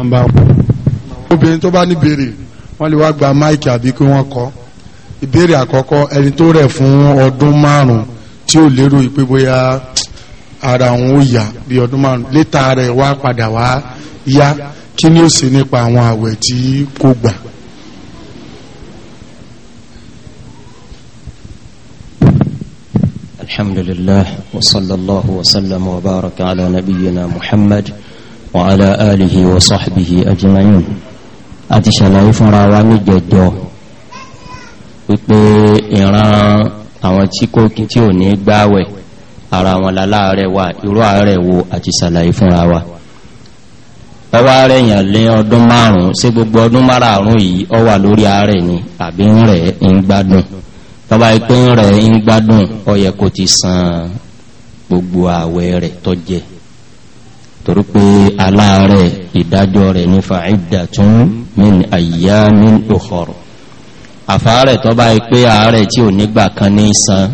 nọ́mbà wọn obìnrin tó bá ní béèrè wọ́n lè wá gba máìkì àbí kí wọ́n kọ ìbéèrè àkọ́kọ́ ẹni tó rẹ̀ fún ọdún márùn tí ó lérò ìpé bóyá ara òun ó yá bí ọdún márùn létà rẹ̀ wá padà wá yá kí ni ó sì nípa àwọn àwẹ̀ tí kò gbà. الحمد لله وصلى الله وسلم وبارك على نبينا محمد وعلى آله وصحبه أجمعين àti ṣàlàyé fúnra wa ní jẹjọ wípé ìran àwọn tí kò kí tí ò ní gbáwẹ̀ ara wọn láláàrẹ wà irú ààrẹ wo àti ṣàlàyé fúnra wa ọwọ́ ààrẹ yàn lé ọdún márùn-ún sí gbogbo ọdún márùn-ún yìí ọ wà lórí ààrẹ ni àbí ń rẹ̀ ń gbádùn tọ́ba ìpín rẹ̀ ń gbádùn ọ yẹ ti san gbogbo ààwẹ̀ rẹ̀ tọ́jẹ́ torí pé aláàrẹ̀ ìdájọ́ rẹ̀ ní fa'idda tún min àyà min òkọ̀rọ̀ àfáàrẹ̀ tó bá pé ààrẹ̀ tí ò nígbà kan ní san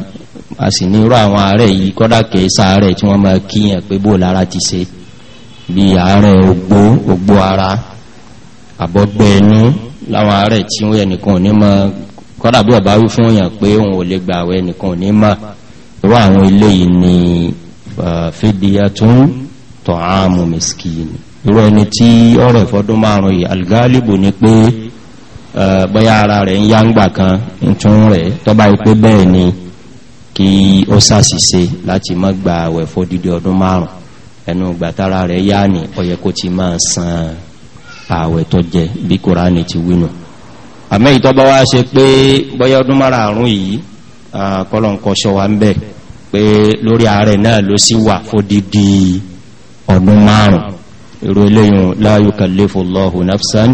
a sì ní irú àwọn ààrẹ̀ yìí kọ́dà kẹsà ààrẹ̀ tí wọ́n máa kíyàn pé bó lára ti ṣe bí ààrẹ̀ ogbó ogbó ara àbọ̀gbẹ́ ẹnu láwọn ààrẹ̀ tí wọ́n ẹnìkan ò ní mọ kọ́dà bí ọ̀bá wí fún èèyàn pé òun ò lè gbà ẹnìkan ò ní mọ irú àwọn ilé yìí ni fídíà tún tọ̀hámù mẹ́sìkìnì irú ẹni tí ọ̀rọ̀ ìfọdún márùn yìí algalibu ni pé bọ́yá ara rẹ̀ ń yá ń gbà kan ń tún rẹ̀ tọ́ba yìí pé bẹ́ẹ̀ ni kí ó ṣàṣìṣe láti má gba àwẹ̀ fọdídé ọdún márùn ẹnu gbàtara rẹ̀ yá ni ọyẹ kó ti máa san àwẹ̀ tó jẹ bí kuraani ti wínú àmọ́ ìtọ́ba wa ṣe pé bọ́yá ọdún márùn yìí kọ́lọ́nkọ́ṣọ́ wa ń bẹ̀ pé lórí ààrẹ náà ló sì wà fọdídé ọdún márùn irú eléyìn láyò kàlífò lọ́hùn nafsan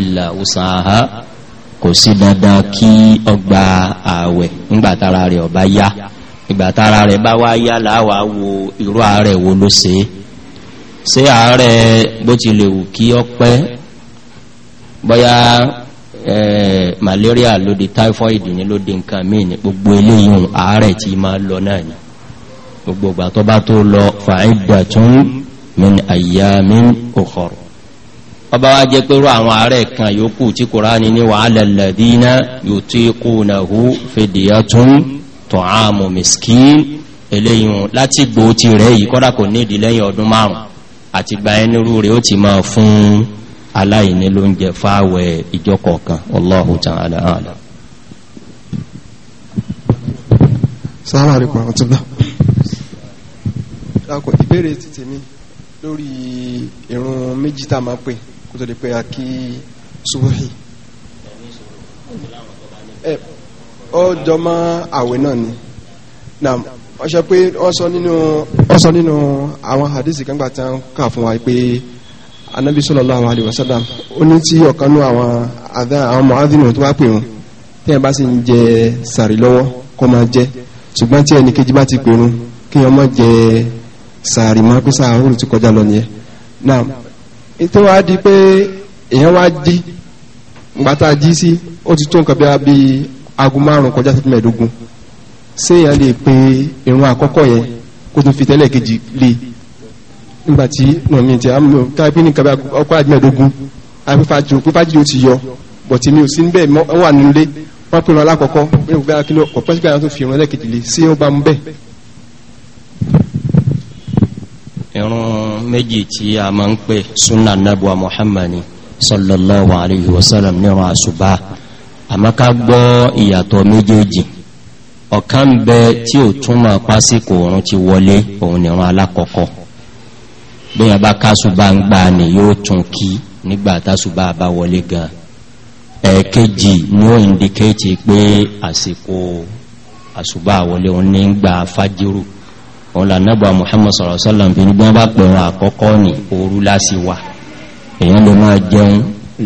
ìlà òsàáhá kò sí dandan kí ọgbà ààwẹ̀ nígbàtara rẹ̀ ọba yá ìgbàtara rẹ̀ bá wá yá láwàá wo irú ààrẹ wo ló ṣe é ààrẹ bó ti malaria typhoid ni nǹkan míì ní gbogbo ààrẹ máa lọ náà gbogbo ìgbà tó bá tó lọ fa'iddatun min ayyamin ukhar ọba wá jẹ́ pé rú àwọn ààrẹ kan yòókù tí Kùránì ní wa 'ala alladhina yutiqunahu fidyatun ta'amu miskin eléyìn láti gbò ti rẹ̀ yìí kọ́dà kò ní ìdí lẹ́yìn ọdún márùn àti gba ẹni rú rẹ̀ ó ti máa fún aláìní ló ń jẹ fáwẹ̀ ìjọkọ̀ọ̀kan Allahu ta'ala a'lam Assalamu alaikum warahmatullahi dákọ̀ ìbéèrè títì mi lórí ìrun méjì tá a máa pè kó tó di pé a kí subuhi jọ náà ni na wọ́n sọ pé wọ́n sọ nínú àwọn hadisi kan tí wọ́n kà fún wa pé anabi sallallahu alaihi wasallam ó ní tí ọ̀kan nú àwọn àdá àwọn mọ̀ádìnà tó bá pè wọn tí ẹ bá sì ń jẹ sàrí lọ́wọ́ kó máa jẹ ti pè wọn kí wọ́n sàárì mako sàárù ti kọjá lọ nìyẹn náà nítorí wàá di pé èèyàn wá jí gbàtà jí sí ó ti tó nǹkan bí a bí aago márùn kọjá sí séèyàn lè pe irun àkọ́kọ́ yẹn kó tún fi tẹ́lẹ̀ kejì lé nígbàtí nàmí ti àmì káàpì ti yọ bọ̀tí mi ò sí níbẹ̀ wà nílé sígbà yẹn tó fi irun ẹlẹ́kejì lé sí bẹ́ẹ̀ ìrun méjì tí a máa ń pè súnà nàbùwà muhammadi sallallahu alayhi wa sallam níran àṣùbá àmọ́ ká gbọ́ ìyàtọ̀ méjèèjì ọ̀kan bẹ tí ò túnmọ̀ pásíkò òun ti wọlé òun nìran alákọ̀ọ́kọ́ bí wọn bá kásùbá ń gbà ní yóò tún kí nígbà tásùbá bá wọlé gan ẹ̀ẹ̀kejì ni ó indikéètì pé àsìkò àṣùbá wọlé òun ní ń gba fájírù ọ̀là nẹ́bà muhammad sọ̀rọ̀ sọ́lọ̀m fi ní bí wọ́n bá pẹ̀rọ àkọ́kọ́ ní orú lásì wà èyàn lè máa jẹun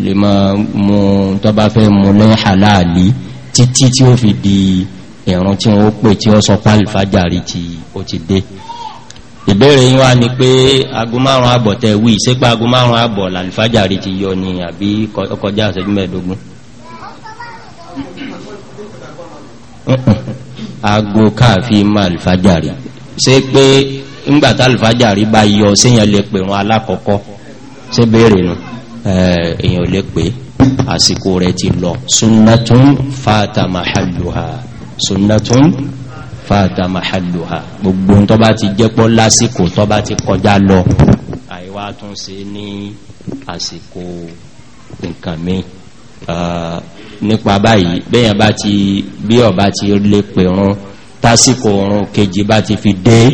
lè máa mú tó bá fẹ́ mú lẹ́yìn àláàlì títí tí ó fi di ìrún tí wọ́n pè tí ó sọ pálífàjárì tí ó ti dé ìbéèrè yín wá ni pé aago márùn-ún àbọ̀ tẹ wí sípa aago ún àbọ̀ làlùfájàrí ti yọ ni àbí ọkọjá àṣẹjú mẹ́ẹ̀ẹ́dógún aago káàfin máa ṣe pé ńgbàtà alfajari bá yọ séyàn lè pè wọn alákọ̀ọ́kọ́ ṣe béèrè nù èèyàn lè pè àsìkò rẹ̀ ti lọ sunnatun fata mahalluha sunnatun fata mahalluha gbogbo tó bá ti jẹ́pọ̀ lásìkò tó bá ti kọjá lọ àìwá tún ṣe ní àsìkò nǹkan mi nípa báyìí bẹ́yàn bá ti bí ọba ti lè pè tásìkò oorun kejì bá ti fi dé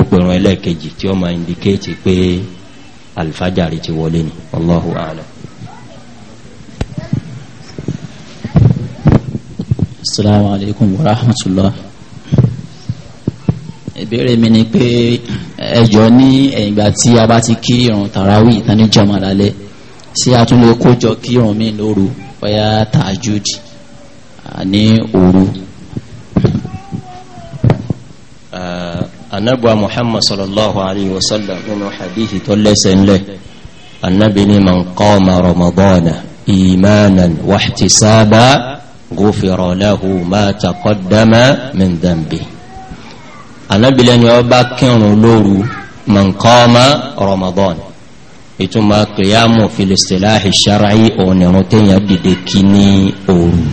òpèrún ẹlẹ́ẹ̀kejì tí ó máa indicate pé alifájàre ti wọlé ni allahu alam. Assalamu alaikum wa rahmatulah. ìbéèrè mi ni pé ẹjọ́ ní ẹ̀yìngbà tí a bá ti kí irun tàràwí ìtaníjọmọ lálẹ́ sí àtúnlẹ̀ kójọ kí irun mi lóru bóyá tàjúdì ní òru anábùa muhammad sallallahu alayhi wa sallam nínú hadithi tó lẹ́sẹ̀ ńlẹ̀ anábì ni man qama ramadana imanan wahtisaba gufira lahu ma taqaddama min dhanbi anábì lẹ́ni ọba kírun lóru man qama ramadana ìtumọ̀ kìyàmù filistilahi ṣarayi ònìrún téèyàn dìde kí ní òru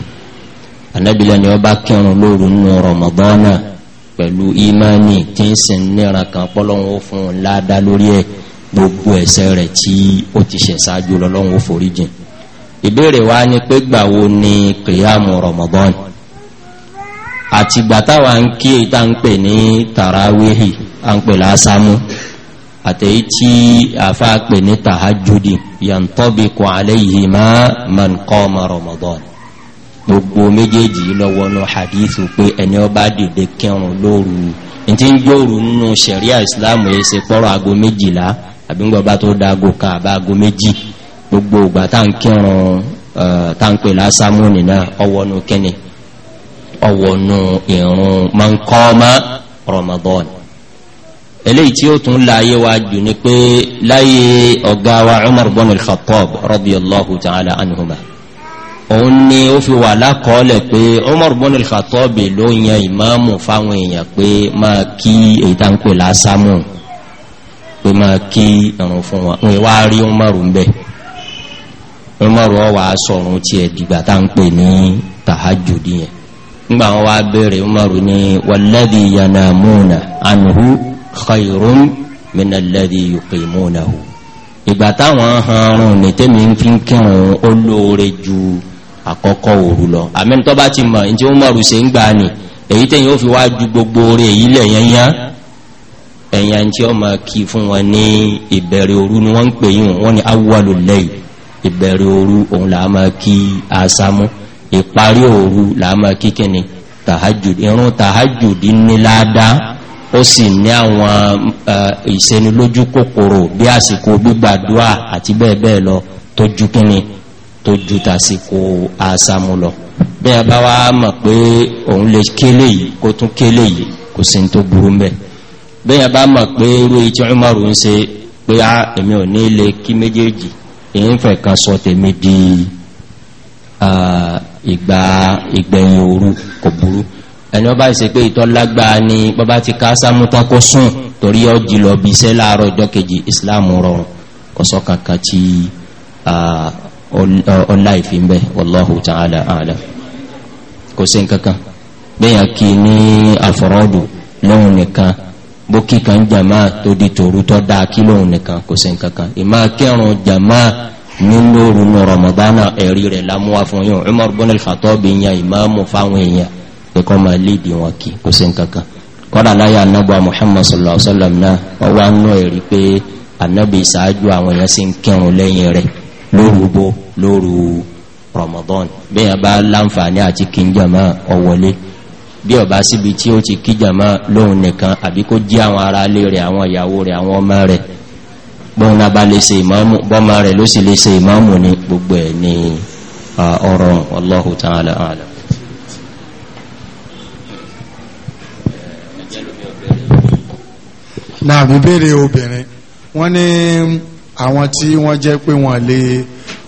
anábì ọba kírun lóru nínú ramadana pẹ̀lú ìmánì tí ń sin níran kan pọ́lọ́wọ́ fún un ládá lórí ẹ̀ gbogbo ẹ̀ṣẹ̀ rẹ̀ tí ó ti ṣẹ̀ ṣáájú lọ́lọ́wọ́ foríjìn ìbéèrè wa ni pé gbà wo ni kìyàmù rọmọbọ́n àti gbàtàwà ń kí ìta ń pè ní tàràwéhì à ń pè lásámú àtẹ̀yí tí àfa pè ní tàhájúdì yàntọ́bìkọ̀ àlẹ́ yìí má mọ̀nkọ́ ọmọ gbogbo méjèèjì lọ́wọ́nú hadithu pé ẹni ọba dìde kẹrùn lóru ní tí ń gbóòrù nínú sẹ̀ríà islam yìí ṣe pọ́rọ̀ aago méjìlá àbí ń gbọ́ba tó da aago kan àbá aago méjì gbogbo ìgbà tá ń kẹrùn tá ń pè lásámù nìna ọwọ́nú kẹ́ni ọwọ́nú ìrùn máa ń kọ́ eléyìí tí ó tún láàyè wa jù ni pé láyé ọ̀gá wa umar bọ́nul khattab rọ́bì allahu ta'ala anhumah òun ni ó fi wà lákọọ́lẹ̀ pé Umar ibn al-Khattab ló yan ìmáàmù fáwọn èèyàn pé máa kí èyí tá ń pè lásámù pé máa kí ìrùn fún wọn òun wá rí Umar ń bẹ̀ Umar ọ wà sọ̀rùn tiẹ̀ dìgbà tá ń pè ní tàhájùdì yẹn nígbà wọn wá béèrè Umar ní walladhi yanamuna anhu khayrun min alladhi yuqimunahu ìgbà táwọn hanrun ní tẹ́mi ń fi kírun olóore ju àkọ́kọ́ òru lọ àmẹ́ni tó bá ti mọ̀ ní tí ó mọ̀rù ṣe ń gbà ní èyí tẹ́yìn ó fi wá ju gbogbo orí èyí lẹ̀ yẹnyán ẹ̀yàn tí ó máa kí fún wọn ní ìbẹ̀rẹ̀ òru ni wọ́n ń pè yín wọ́n ni awwalu layl ìbẹ̀rẹ̀ òru òun là máa kí asámú ìparí òru là máa kí tó ju kíni tó ju tàsíkò àṣàmù lọ bí a bá wá mọ̀ pé òun lè kélé yìí kó tún kélé yìí kò sí tó burú mẹ́ bí a bá mọ̀ pé irú ìtí Umaru ń ṣe pé a èmi ò ní lè kí méjèèjì èyí ń fẹ́ kan sọ tèmi di ìgbà ìgbẹ̀yìn òru kò burú ẹni ọba ìṣe pé ìtọ́lágbà ni bọ́bá ti ká sámútán kó sùn torí ọjì lọ bí iṣẹ́ láàárọ̀ ìjọ kejì Islam rọrùn kọsọ́ kankan tí ọlá ìfín bẹ́ wallahu ta'ala ààlà kò sí nkankan bẹ́yàn kí ní àfọ́rọ́dù lóhun nìkan bó kíkan jama tó di tòru tó dáa kí lóhun nìkan kò sí nkankan ìmá kẹrùn jama nínú orun rọmọdánà ẹ̀rí rẹ̀ lámúwá fún yóò Umar ibn al-Khattab bí yan ìmáàmù fáwọn èèyàn pé kọ́ Muhammad sallallahu alaihi wasallam náà wọ́n wá ń nú ẹ̀rí pé anábì ìsáájú àwọn èèyàn lóru bó lóru ramadan bí a bá láǹfààní àti kí ọwọlé bí ọba síbi tí ó ti kí lóhun nìkan àbí kó jí àwọn ará lé rẹ àwọn ìyàwó rẹ àwọn ọmọ rẹ bọ́n bá lè ṣe ìmáàmù bọ́mọ rẹ ló sì lè ṣe ní àwọn tí wọ́n jẹ́ pé wọ́n lè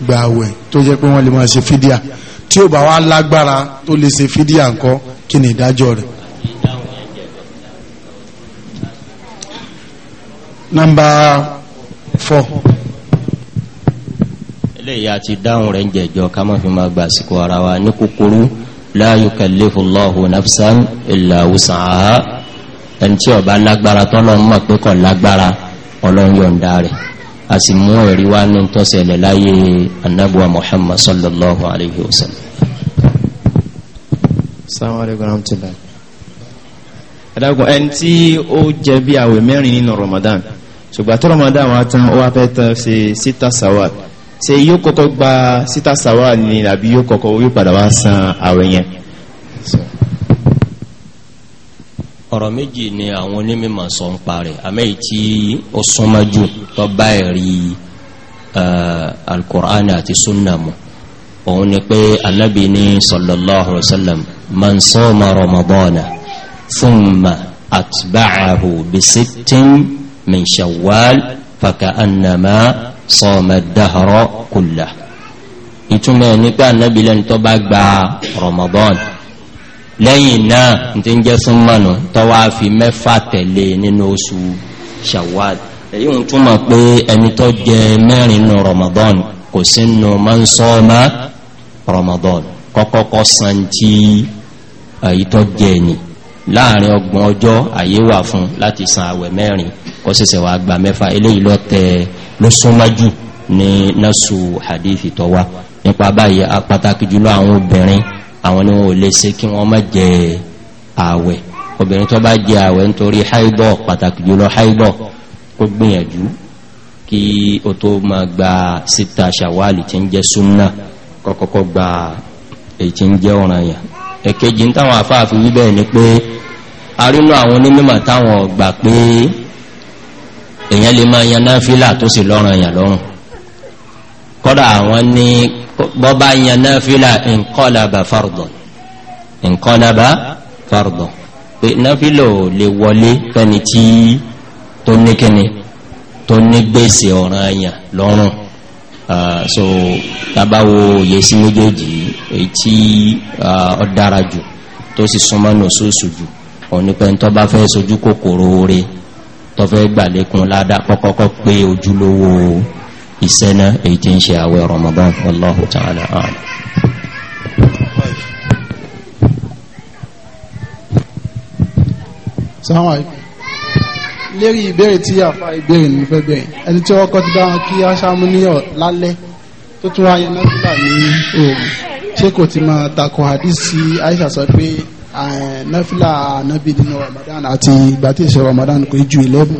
gba àwẹ̀ tó jẹ́ pé wọ́n lè máa ṣe fídíà tí ò bá wá lágbára tó lè ṣe fídíà ńkọ́ kí ni ìdájọ́ rẹ̀. nọ́mbà four. eléyìí àti dáhùn rẹ̀ ń jẹ̀jọ́ ká má fi máa gba àsìkò ara wa ní kúkúrú la yukallifu Allahu nafsan illa wus'aha ẹni tí ó bá lágbára tọ́lọ́ mọ̀ pé kò lágbára ọlọ́run yọ̀ǹda rẹ̀ a sì mú ẹ̀rí wá nù tó ṣẹlẹ̀ láyé anábùwà muhammad sallallahu alayhi wa sallam. assalamu alaykum warahmatullahi ẹ̀dàgùn ẹni tí ó jẹ bí àwẹ̀ mẹ́rin nínú ramadan ṣùgbọ́n tí ramadan wá tán ó wá fẹ́ tán ṣe síta sawal ṣe yóò kọ́kọ́ gba síta sawal ni àbí yóò kọ́kọ́ yóò padà wá san àwẹ̀ yẹn. ọ̀rọ̀ méjì ni àwọn onímọ̀ sọ ń parẹ̀ àmẹ́yì tí ó súnmọ́jú tó bá ẹ̀rí alkùránì àti súnnàmù òun ni pé alábi ní sallallahu alaihi wasallam man sọ́ọ̀mà ramadana thumma atba'ahu bi sittin lẹ́ni tó bá gba ramadana lẹ́yìn náà tí ń jẹ́ súnmọ̀nà tọ́wà fi mẹ́fà tẹ̀lé nínú oṣù shawwal èyí ń túnmọ̀ pé ẹni tó jẹ mẹ́rin nù ramadan kò sí nù man sọ́ọ́mà ramadan kọ́kọ́kọ́ san tí èyí tó jẹ ni láàrin ọgbọ̀n ọjọ́ àyè wà fún láti san àwẹ̀ mẹ́rin kó sẹ̀sẹ̀ wà gba mẹ́fà eléyìí lọ tẹ ló súnmọ́jú ní nasu hadith tọ́wà nípa báyìí apàtàkì jùlọ àwọn obìnrin àwọn ni wọn ò lè ṣe kí wọ́n má jẹ ààwẹ̀ obìnrin tó bá jẹ ààwẹ̀ nítorí haibọ̀ pàtàkì jùlọ haibọ̀ kó gbìyànjú kí o tó máa gba síta ṣàwálì tí ń jẹ súnà kọ́kọ́kọ́ gba èyí tí ń jẹ ọ̀ràn yàn ẹ̀kejì ń táwọn afáàfin wíbẹ̀ ni pé arínú àwọn onímọ̀ táwọn gbà pé èèyàn lè máa yan náfìlà tó sì lọ́ràn lọ́rùn kọ́dà àwọn ní bọ́bá yan náfílà inqalaba fardan inqalaba fardan pé náfílà ò lè wọlé fẹ́ni tí tó ní kíni tó ní gbèsè ọ̀ràn àyàn lọ́rùn so tabawo òye sí méjèèjì èyí tí ọ dára jù tó sì súnmọ́ nù sóòsù jù òní pé tó bá fẹ́ sojú kòkòrò rẹ̀ tó fẹ́ gbàlékun ládàá kọ́kọ́kọ́ pé ojúlówó o iṣẹ́ náà èyí tí ń ṣe àwẹ̀ ramadan wallahu ta'ala a'lam. sáwọn àìkú lérí ìbéèrè tí àfa ìbéèrè ní fẹ́ bẹ̀rẹ̀ ẹni tí ọkọ ti bá wọn kí aṣáámú ní ọ̀ lálẹ́ tó tún wáyé nọ́fìlà ní òòrùn ṣé kò ti máa takò àdìsí Aisha sọ pé eh, nọ́fìlà ànábì nínú Ramadan àti ìgbà tí ìṣe Ramadan kò ju eleven.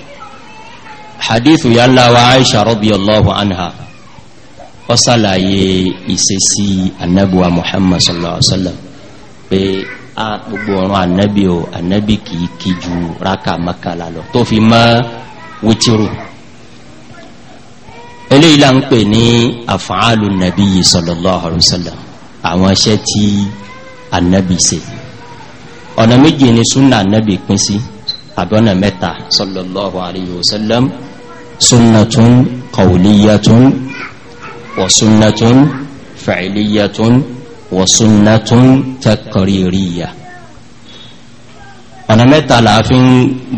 hadithu yàlla wa aisha radiyallahu anha ó sàlàyé ìṣesí annabuwa muhammad sallallahu alaihi wasallam pé a gbogbo ọ̀run annabi o annabi kìí kí ju raka makala lọ tó fi mọ́ wítírù eléyìí la ń pè ní àfààlù nàbí sallallahu alaihi wasallam àwọn iṣẹ́ tí annabi ṣe ọ̀nà méje ni súnà annabi pín sí àbọ̀nà mẹ́ta sallallahu alaihi wasallam sunnatun qawliyatun wa sunnatun fa'iliyatun wa sunnatun takaririya ọ̀nà mẹ́ta la fi ń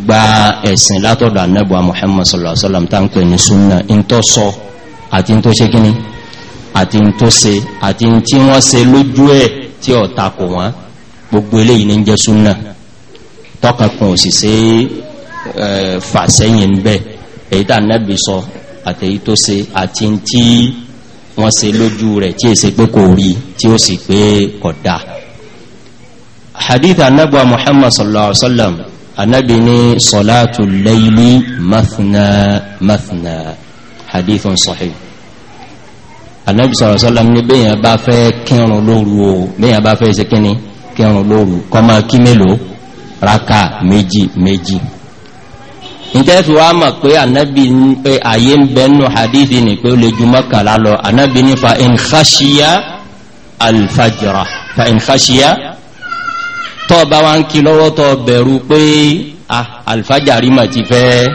gba ẹ̀sìn látọ̀dọ̀ anẹ́bọ̀ Muhammad sallallahu alaihi wasallam tá ń pè ní sunna ń tọ́ sọ àti ń tó ṣe kíní àti ń tó ṣe àti ń tí wọ́n ṣe lójú ẹ̀ tí ó tako wọ́n gbogbo eléyìí ní jẹ́ sunna tọ́ka kan ò bẹ́ẹ̀ èyí tá nẹ́bì sọ àtẹ̀yí tó ṣe àti tí wọ́n ṣe lójú rẹ̀ tí èsè pé kò rí tí ó sì pé kọ̀dá hadith anabu muhammad sallallahu alaihi wasallam anabi ni salatu layli mathna mathna hadith sahih anabi sallallahu alaihi wasallam ni bẹ́yàn bá fẹ́ kírun lóru o bẹ́yàn bá fẹ́ ṣe kíni kírun lóru kọ́ máa kí mélòó raka méjì méjì ìtẹ́fì wa mọ̀ pé ànábì pé àyè ń bẹnu hadithi ni pé ó lè ju mọ́kànlá lọ ànábì ní fa in khashiya alfajra fa in khashiya tọ́ bá wá ń kí lọ́wọ́ tọ́ bẹ̀rù pé ah, alfajari ma ti fẹ́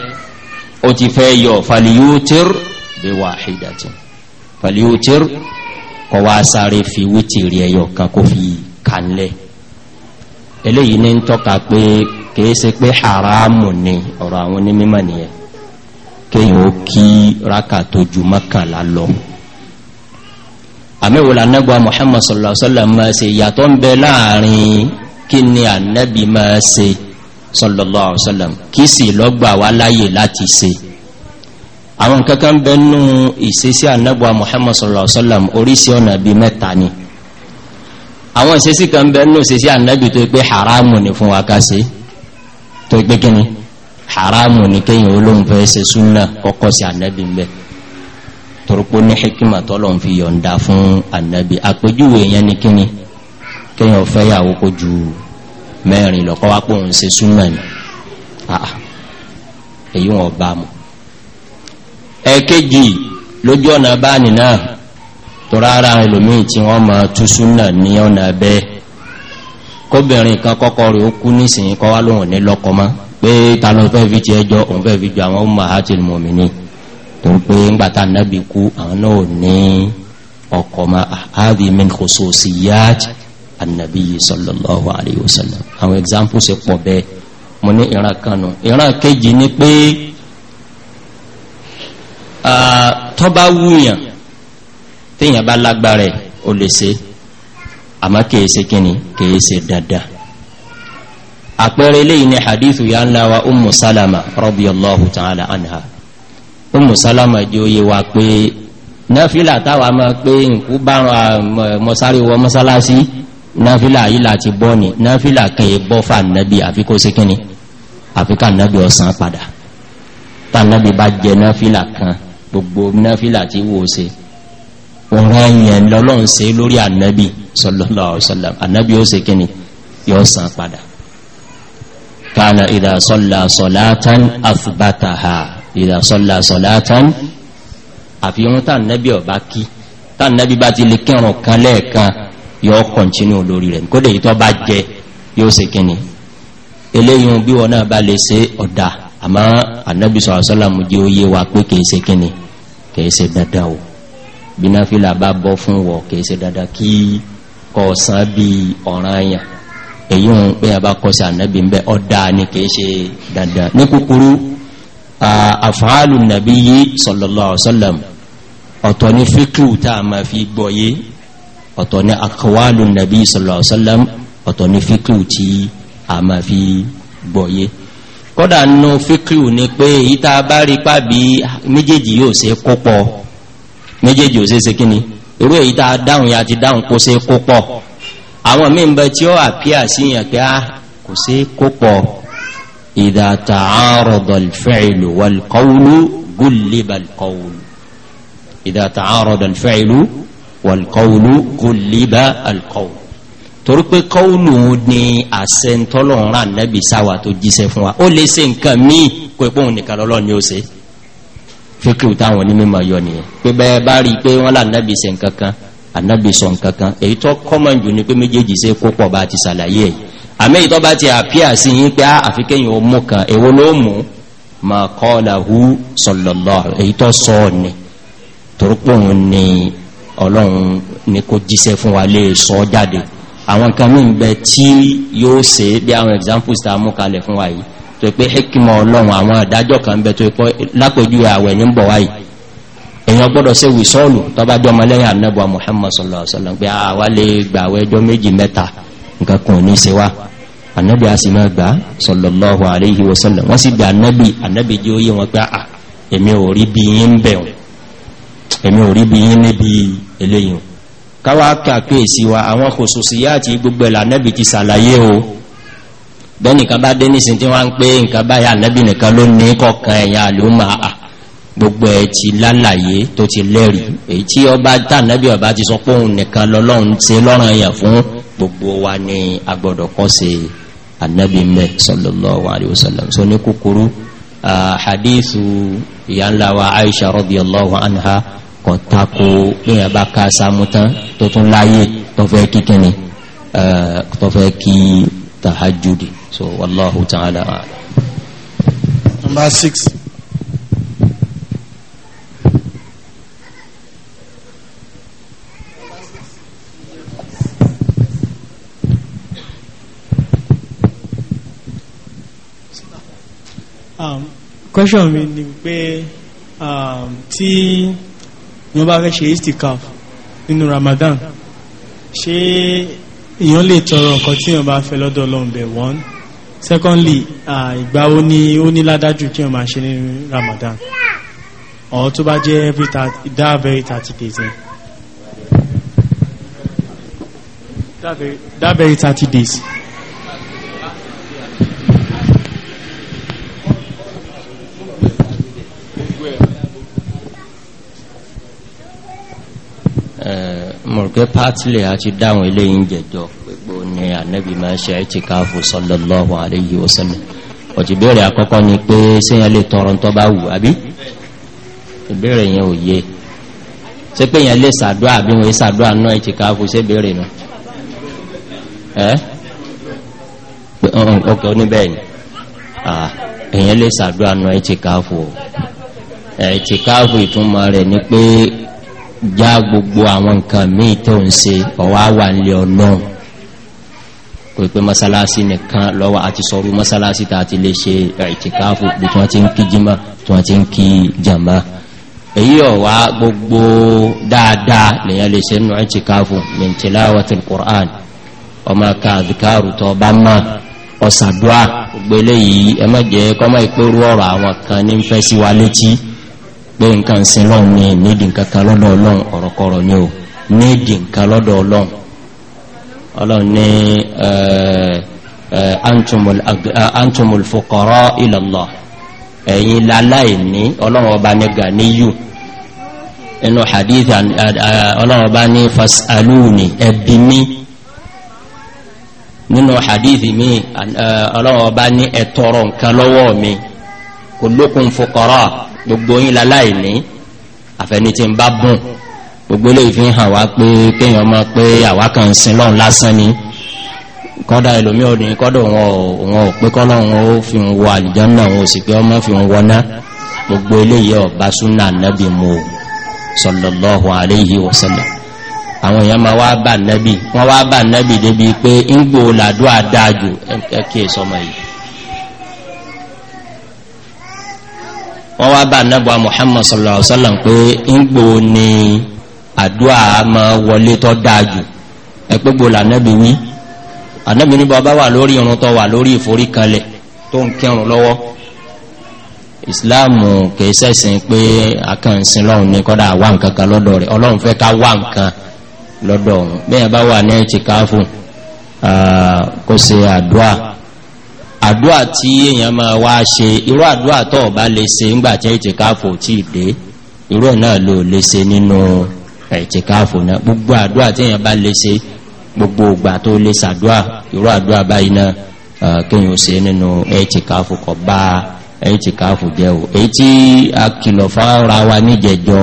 ó ti fẹ́ yọ faliyotir bí wahidatin faliyotir kọ sáré fi wítìrí ẹyọ kan kó fi kanlẹ̀ eléyìí ní ń tọ́ka pé kìí ṣe pé haramu ni ọ̀rọ̀ àwọn onímọ̀ nìyẹn kéèyàn ó kí rákà tó ju mọ́kànlá lọ àmẹ́wò lànàgbà muhammad sallallahu alaihi wa sallam máa ṣe ìyàtọ̀ ń bẹ láàrin kí ni ànábì máa ṣe sallallahu alaihi wa sallam kí sì lọ́gbà wá láyè láti ṣe àwọn kankan bẹ́ẹ̀ nù ìṣesí ànàgbà muhammad sallallahu alaihi wa sallam oríṣi ọ̀nà bíi mẹ́ta ni àwọn ìṣesí kan bẹ nínú ìṣesí ànábì tó pé haramu ni fún wa ká ṣe tó pé kíni haramu ni kéyìn olóhùn fẹ́ ṣe súnà kọ́kọ́ sí ànábì ń bẹ torípó ní hikima tọ́lọ̀ ń fi yọ̀ǹda fún ànábì àpèjúwe yẹn ni kíni kéyìn ọ̀fẹ́ yàwó kó ju mẹ́rin lọ́kọ́ wá pé òun ṣe súnà ni èyí wọn bá mu ẹ̀ẹ́kejì lójú ọ̀nà báni náà tó rárá ẹlòmíì tí wọ́n máa tú súnà ní ọ̀nà abẹ́ kóbìnrin kan kọ́kọ́ rẹ̀ ó kú nísìnyí kọ́ wá lóhùn ní lọ́kọ mọ́ pé ta ló fẹ́ fi tiẹ̀ jọ òun fẹ́ fi jọ àwọn ummahatil mu'minin tó ń pé ńgbà tá nábì kú àwọn náà ò ní ọkọ mọ́ ah, hadhi min khususiyat annabi sallallahu alayhi wa sallam àwọn examples pọ̀ bẹ́ẹ̀ mo ní ìran kan nù ìran kejì ni pé ah, tọ́ba wúyàn tíyàn bá lágbára ẹ̀ o lè ṣe àmọ́ kìí ṣe kíni kìí ṣe dandan àpẹẹrẹ eléyìí ni hadithu ya ńlá wa umu salama radiyallahu ta'ala anha umu salama jẹ́ oyé wa pé náfílà táwa máa pé nkú bá mọ́sáré wọ mọ́sálásí náfílà yìí láti bọ́ ni náfílà kan yìí bọ́ fà nábì àfi kó ṣe kíni àfi ká nábì ọ̀sán padà tá nábì bá jẹ náfílà kan gbogbo náfílà tí wò ó ṣe ọ̀rọ̀ ẹ̀yẹn lọ́lọ́n se lórí ànábì sallallahu alaihi wasallam ànábì ó se kíni yóò san padà kana idha salla salatan athbataha idha salla salatan àfihàn tá ànábì ọ̀bá kí tá ànábì bá ti lè kírun kan lẹ́ẹ̀kan yóò kọ̀ntínú lórí rẹ̀ kódé yìí tó bá jẹ yóò se kíni eléyìí bí wọn náà bá lè se ọ̀dà àmọ́ ànábì sallallahu alaihi wasallam jẹ́ òye wa pé kìí se kíni kìí se dandan o bínáfílà bá bọ́ fún wọ kìí ṣe dada kí kọ̀ọ̀sán bí ọ̀ràn àyàn èyí ń pè àbá kọsí ànábì ń bẹ́ ọ̀dá ni kìí ṣe dada ní kúkúrú àfàálù nàbí yí sallallahu alaihi wasallam ọ̀tọ̀ ní fíkìrù tá a máa fi gbọ́yé ọ̀tọ̀ ní akọwàálù nàbí sallallahu alaihi wasallam ọ̀tọ̀ ní fíkìrù tí a máa fi gbọ́yé kọ́dà nù fíkìrù ni pé ìta bá rí pàbí méjèèjì yóò ṣe kópọ̀ méjèèjì ò ṣe ṣe kíni irú èyí tá a dáhùn ya ti dáhùn kó ṣe kó pọ̀ àwọn míì ń bẹ tí ó àpíà sí yàn pé a ah, kò ṣe kó pọ̀ idha ta'arada al-fi'lu wal-qawlu gulliba al-qawlu idha ta'arada al-fi'lu wal-qawlu gulliba al-qawlu torí pé kọ́ùlù ní àṣẹ ń tọ́lọ́run sáwà tó jíṣẹ́ fún wa ó lè ṣe nǹkan míì kó ipò nìkan lọ́lọ́ ni ó ṣe fíkìrì táwọn onímọ̀ yọ nìyẹn pé bẹ́ẹ̀ bá rí i pé wọ́n là nábì ṣe nǹkan kan ànábì sọ nǹkan kan èyí tó kọ́mọ̀ jù ni pé méjèèjì ṣe kó pọ̀ bá ti ṣàlàyé ẹ̀ àmì ìtọ́ bá ti àpíà sí yín pé ah, àfi kéyìn kan èwo ló mú ma kọ́ọ̀lá hu sọ̀lọ̀lọ̀ èyí tó sọ ọ́ ni torópòun ni ọlọ́run ni kò jíṣẹ́ fún wa lè sọ jáde àwọn kan ní ìgbẹ́ tí yóò ṣe bí àwọn examples tá a mú kalẹ̀ fún wa yìí tó pé hekima ọlọ́run àwọn àdájọ́ kan bẹ tó pé lápẹjú àwẹ̀ ní bọ̀ wáyìí èèyàn gbọ́dọ̀ ṣe wìsọ́ọ̀lù tó bá jọmọ lẹ́yìn muhammad sallallahu alaihi wasallam pé àwa lè gbà àwẹ̀ ọjọ́ méjì mẹ́ta nǹkan kan ò sallallahu alaihi wasallam wọ́n sì bí anábì anábì jẹ́ oyé wọn pé à èmi ò rí bí yín bẹ̀ wọn èmi ò rí bí yín níbi eléyìí káwá kàkíyèsí wa àwọn kòsòsì yá àti gbogbo ẹ̀ ti ṣàlàyé o bẹ́nìkan bá dé nísìn tí wọ́n ń pé nǹkan báyà nẹ́bì nìkan ló ní kọ̀kan ẹ̀yà ló máa à gbogbo ẹ̀ ti lálàyé tó ti lẹ́rì èyí tí ọba tànẹ́bì ọba ti sọ pé òun nìkan lọ́lọ́run ti lọ́ràn ẹ̀yà fún gbogbo wa ní agbọ́dọ̀ kọ́ sí anẹ́bì mẹ́ sallallahu alaihi wasallam so ní kúkúrú hadithu ìyá ńlá wa aisha radiyallahu anha kan tako bí wọn bá ka samutan tó tún láyé tó fẹ́ kíkẹ́ni tó fẹ́ kí tahajudi so wallahu ta'ala number six. Um, question mi ni pé um, tí wọ́n bá fẹ́ ṣe istikaf nínú Ramadan ṣé èèyàn lè tọrọ nǹkan tí èèyàn bá fẹ́ lọ́dọ̀ Ọlọ́run bẹ̀ wọ́n secondly ìgbà ó ní ó ní ládájú kí wọ́n máa ṣe ní Ramadan or tó bá jẹ́ every that very thirty days eh? that, very, that thirty days. mo rò pé partly a ti dáhùn eléyìí ń jẹjọ́ ni ànábì máa ṣe ẹ̀tìkáfù sallallahu alayhi wa sallam ọ̀tí bẹ̀rẹ̀ àkọ́kọ́ ni pé séyàn lè tọrọ tó bá wù àbí ìbéèrè yẹn ò yé ṣé pé yẹn lè sàdúà àbí wọn sàdúà náà ẹ̀tìkáfù ṣé bẹ̀rẹ̀ nù ẹ́ ọkọ̀ oníbẹ̀ẹ́ni èyàn lè sàdúà náà ẹ̀tìkáfù ẹ̀tìkáfù ìtumọ̀ rẹ̀ ni pé já gbogbo àwọn nǹkan míì tó ń ṣe ọ̀wá wà nílé ọlọ́run pẹ̀pẹ̀ masalasi nìkan lọ́wọ́ àti sọ̀rọ̀ masalasi ta ti lè ṣe ìtìkáfù bí tí wọ́n ti ń kí jímá tí wọ́n ti ń kí jàmá èyí ọ̀wá gbogbo dáadáa lèyàn lè ṣe nù ìtìkáfù mẹ́ntìláwàtí quran ọmọ ká àdìkárù tó bá má ọ̀sàdúrà gbogbo eléyìí ẹ kọ́mọ́ ìpérú ọ̀rọ̀ àwọn kan ní fẹ́ sí wa létí pé nǹkan sin lọ́run ní nídìí nǹkan lọ́dọ̀ ọlọ́run ni ò nídìí nǹkan ọlọ́run ní antumul fukọrọ ilọ̀lọ̀ ẹ̀yin láláì ní ọlọ́run ọba ní ganiyu inú hadith ọlọ́run ọba ní fasalúni ẹbí mi nínú hadithi mi ọlọ́run ọba ní ẹ̀tọ́rọ̀ nǹkan lọ́wọ́ mi kò lókun fukọrọ gbogbo yín láláì ní àfẹnití bùn. gbogbo lè fi hàn wá pé kéèyàn máa pé àwa kan sin lọ́run lásán ni kọ́dà ẹlòmí ọdún kọ́dà wọn ò pé kọ́lọ́run ó fi ń wọ àlùjànnà wọn ò sì ọmọ fi ń wọná gbogbo eléyìí ọba súnà mu àwọn èèyàn bá nẹ́bì wọn wá bá débi pé sọmọ yìí wọn wá bá Muhammad pé àdúà ma wọlé tọ́ dáájú ẹgbẹ́gbò lànẹ́bì wí ànẹ́bì ní bàbá wà lórí irun tọ́ wà lórí ìforíkanlẹ̀ tó ń kírun lọ́wọ́ ìsìláàmù kèésẹ̀sìn pé akẹ́ǹsìn lọ́run ní kọ́dá wà nǹkan kan lọ́dọ̀ rẹ̀ ọlọ́run fẹ́ ká wà nǹkan lọ́dọ̀ ọ̀hún bẹ́ẹ̀ bá wà ní ẹ̀tì káfù kò ṣe àdúà àdúà tí èèyàn máa wá ṣe irú àdúà náà ló lè ṣe nínú ẹ̀tìkáàfù náà gbogbo àdúrà tí èèyàn bá lè ṣe gbogbo ògbà tó lè ṣàdúrà ìró àdúrà báyìí náà kéèyàn ṣe nínú ẹ̀tìkáàfù kọ bá ẹ̀tìkáàfù jẹ́ o èyí tí a kìlọ̀ fára wa níjẹjọ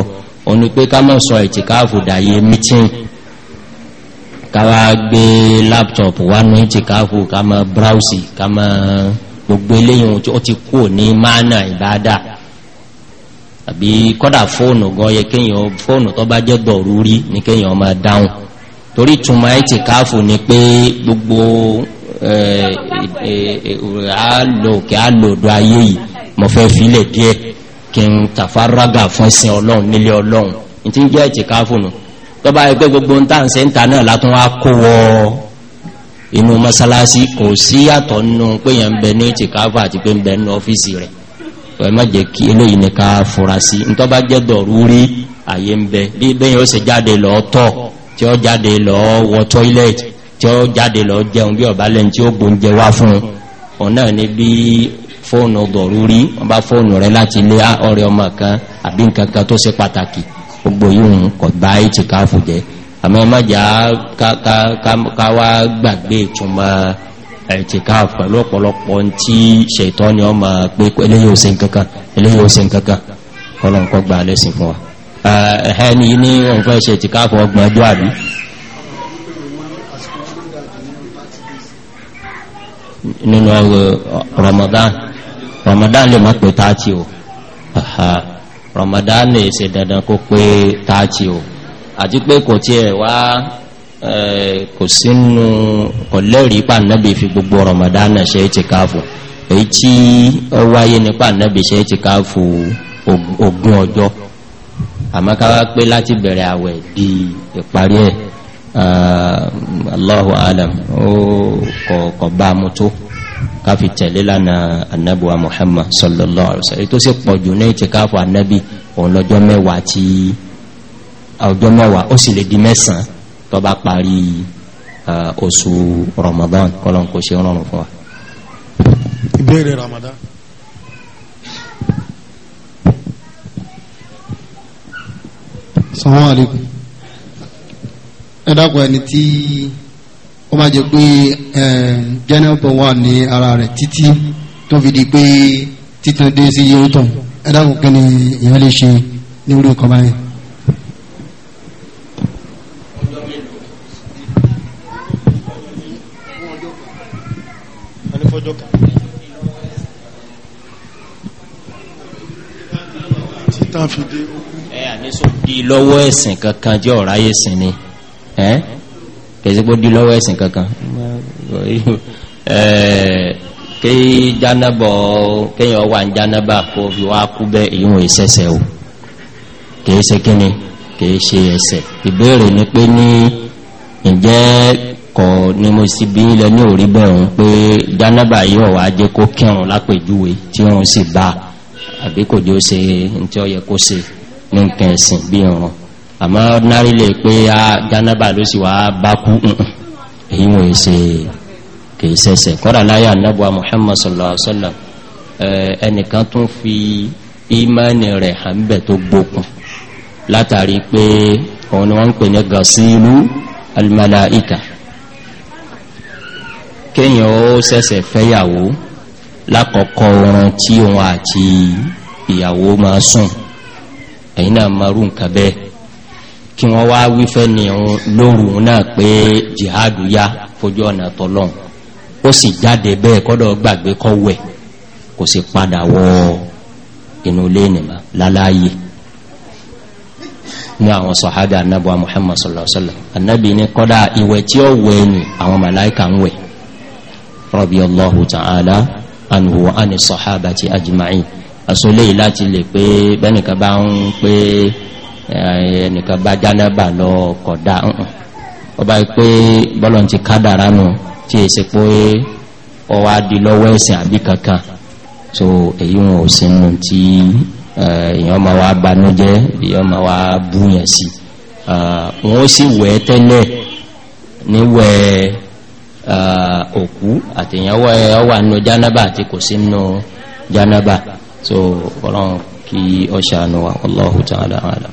òun ni pé ká mọ̀ sọ ẹ̀tìkáàfù dàyé mítìn ká wá gbé láptọ̀pù wá ní ẹ̀tìkáàfù ká mọ̀ bráùsì ká mọ̀ gbogbo eléyìí ó ti kú ní mánà ìbádà àbí kọ́dà fóònù gan yẹ kéèyàn fóònù tó bá jẹ́ gbọ̀rú rí ni kéèyàn máa dáhùn torí túmọ̀ ẹ̀ ti káfù ni pé gbogbo àlòkè àlòdò ayé yìí mo fẹ́ filẹ̀ díẹ̀ kí n tàfárágà fún ẹsìn ọlọ́run nílé ọlọ́run ní ti ń jẹ́ ti káfù nù tó bá yẹ pé gbogbo ń ń ṣe náà látún wá kó wọ inú mọ́sálásí kò síyàtọ̀ nù pé yẹn ń bẹ ní tìkáfù àti pé ń bẹ ní ọ́fíìsì rẹ̀. ẹ má jẹ́ kí eléyìí ní ká fura sí tó bá jẹ́ dọ̀rú rí àyè ń bẹ bí bẹ́yìn ó sì jáde lọ tọ̀ tí ó jáde lọ wọ toilet tí ó jáde lọ jẹun bí ọ̀bá lẹ́yìn tí ó gbóúnjẹ wá fún ọ. òun náà ní bí fóònù dọ̀rú rí wọ́n bá fóònù rẹ láti ilé ọ̀rẹ́ ọmọ kan àbí nǹkan kan tó ṣe pàtàkì gbogbo yìí ń kọ̀ bá ètì káfù jẹ́ àmọ́ ẹ má jà ká wá gbàgbé ìtumọ̀ ẹ̀tìkáf pẹ̀lú ọ̀pọ̀lọpọ̀ tí ṣètọ́ ni ọ ma pé eléyìí ò se nkankan eléyìí ò se nkankan ọlọ́nkọ́ gba lẹ́sìn fún wa ẹ̀hẹ́ ni ní ọ̀nkan ṣe ẹ̀tìkáf ọgbọ̀n ọjọ́ àbí nínú ramadan ramadan lè má pé táàtì o ramadan lè ṣe dandan kó pé táàtì o àti pé kò tiẹ̀ wá kò sínú kọ̀lẹ́rì pa ànábì fi gbogbo ramadana ṣe é ti káfù èyí tí ó wáyé nípa ànábì ṣe é ti káfù ogún ọjọ́ àmọ́ ká wá pé láti bẹ̀rẹ̀ àwẹ̀ di ìparí ẹ̀ allahu alam ó kọ̀ bá mu tó ká fi tẹ̀lé lánàá ànábùwà muhammad sallallahu alaihi wasallam sallam èyí tó sì pọ̀ jù ní ti káfù ànábì òun lọ́jọ́ mẹ́wàá tí ọjọ́ mẹ́wàá ó sì lè di mẹ́sàn-án tó bá parí oṣù ramadan kọ́lọ́n kò ṣe rọrùn fún wa. ìbéèrè ramadan. salamu alaikum ẹ dákun ẹni tí ó máa jẹ pé jẹ́nẹ́pọ̀ wà ní ara rẹ̀ títí tó fi di pé títún dé sí yóò ẹ dákun kí ni ìyẹn lè ṣe ní orí ọkọ̀ báyìí. lọ́wọ́ ẹ̀sìn kankan jẹ́ ọ̀rá ẹ̀sìn ni ẹ́ kèsì pé di lọ́wọ́ ẹ̀sìn kankan kí jánàbọ̀ kéèyàn wà ní jánàbà kó fi wá kú bẹ́ ìwọ̀n ìṣẹ̀ṣẹ̀ o kìí ṣe kíni kìí ṣe ẹ̀ṣẹ̀ ìbéèrè ni pé ní ǹjẹ́ ni mo sì bí ilẹ̀ ní orí bẹ̀rùn pé jánàbà yóò wá jẹ́ kó kírun lápèjúwe tí wọ́n sì bá àbí kò jẹ́ ṣe ní tí ó yẹ kó ṣe ní nǹkan ẹ̀sìn bí ọ̀run àmọ́ nárí lè pé a ah, jánábà ló sì wàá bá kú èyí wọ̀nyí ṣe kìí ṣẹ̀ṣẹ̀ kọ́ra láyà anábọ́à muhammad sallallahu alaihi wa sallam ẹnìkan tún fi ìmánì rẹ̀ hàn bẹ̀ tó gbókun látàrí pé òun ni wọ́n ń pè ní gasilu almalaika kéèyàn ó ṣẹ̀ṣẹ̀ fẹ́yàwó lákọ̀ọ́kọ́ oorun tí òun àti ìyàwó máa sùn ẹ̀yin náà marú nǹkan bẹ́ẹ̀ kí wọ́n wá wífẹ́ ní lóru náà pé jihadu ya fojú ọ̀nà tọ́lọ́n ó sì jáde bẹ́ẹ̀ kọ́dọ̀ gbàgbé kọ́wẹ̀ kò sì padà wọ inú ilé nìma láláyé ní àwọn sọ̀hádà anábọ̀ muhammad sallallahu anábì ní kọ́dà ìwẹ̀ tí ó ni àwọn màláìka ń wẹ̀ rọ́bì allahu ta'ala anhu ani ti asọ́lé láti lè pé bẹ́nìkan bá ń pé ẹnìkan bá jánábà lọ kọ̀dá ọba pé bọ́lọ̀ ti kádàrá nù tí è sí pé ọwá di lọ́wọ́ ẹ̀sìn àbí kankan so èyí wọn ò sí mú tí èyàn ma wá banújẹ́ èyàn ma wá búyàn sí wọn ó sì wẹ́ tẹ́lẹ̀ níwẹ̀ òkú àtìyànwọ́ ọwà nù jánábà àti kò sí nù jánábà so ọlọ́run kí ọ ṣàánú wa Allahu ta'ala àlà.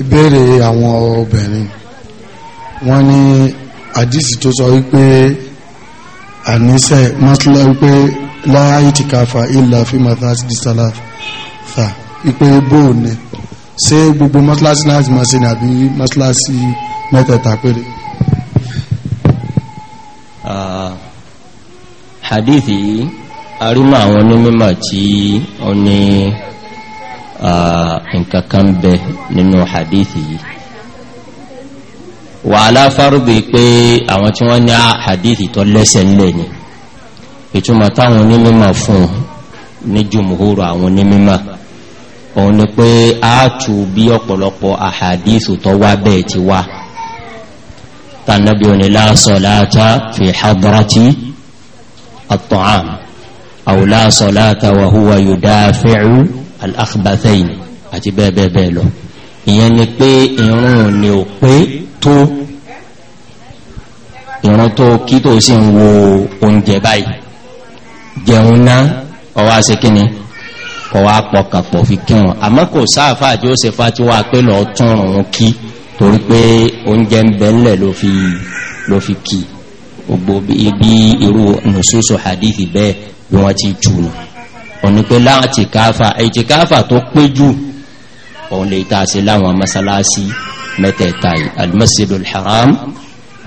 ìbéèrè àwọn obìnrin wọ́n ní àdìsí tó sọ wípé àníṣe mọ́sílẹ̀ wípé láàyè ti káfa ìlà fi mathas di sálàfà wípé bóò ni ṣé gbogbo mọ́sílásí láti máa ṣe ní àbí mọ́sílásí mẹ́tẹ̀ẹ̀ta péré. Ah, hadith yìí arínú àwọn onímọ̀ tí ó ní nǹkan kan bẹ nínú hadithi yìí wàhálà fárúgbì pé àwọn tí wọ́n ní hadithi tó lẹ́sẹ̀ ńlẹ̀ ni ìtumọ̀ táwọn onímọ̀ fún ní jùmùhúrò àwọn onímọ̀ òun ni pé a tù bí ọ̀pọ̀lọpọ̀ àhàdíìsù tó wá bẹ́ẹ̀ ti wá tànàbí onílà sọ̀láta fi hadrati at-ta'am aw la salata wa huwa yudafi'u al-akhbathayn àti bẹ́ẹ̀bẹ́ẹ̀ lọ ìyẹn ni pé ìrun ni ò pé tó ìrun tó kí tó sì ń wo oúnjẹ báyìí jẹun náà ọwọ́ àṣekínni ọwọ́ àpọ̀kàpọ̀ fi kírun àmọ́ kò sáàfà àti ó ṣe fatiwa pé lọ́ọ́ tún kí torí pé oúnjẹ ń bẹ ló fi ló gbogbo ibi irú nùsùsù hadithi bẹ́ẹ̀ bí wọ́n ti jù nù òní pé láti káfà ètì káfà tó pé jù òun lè ta sí láwọn masalasi mẹ́tẹ̀ẹ̀ta yìí almasidu alharam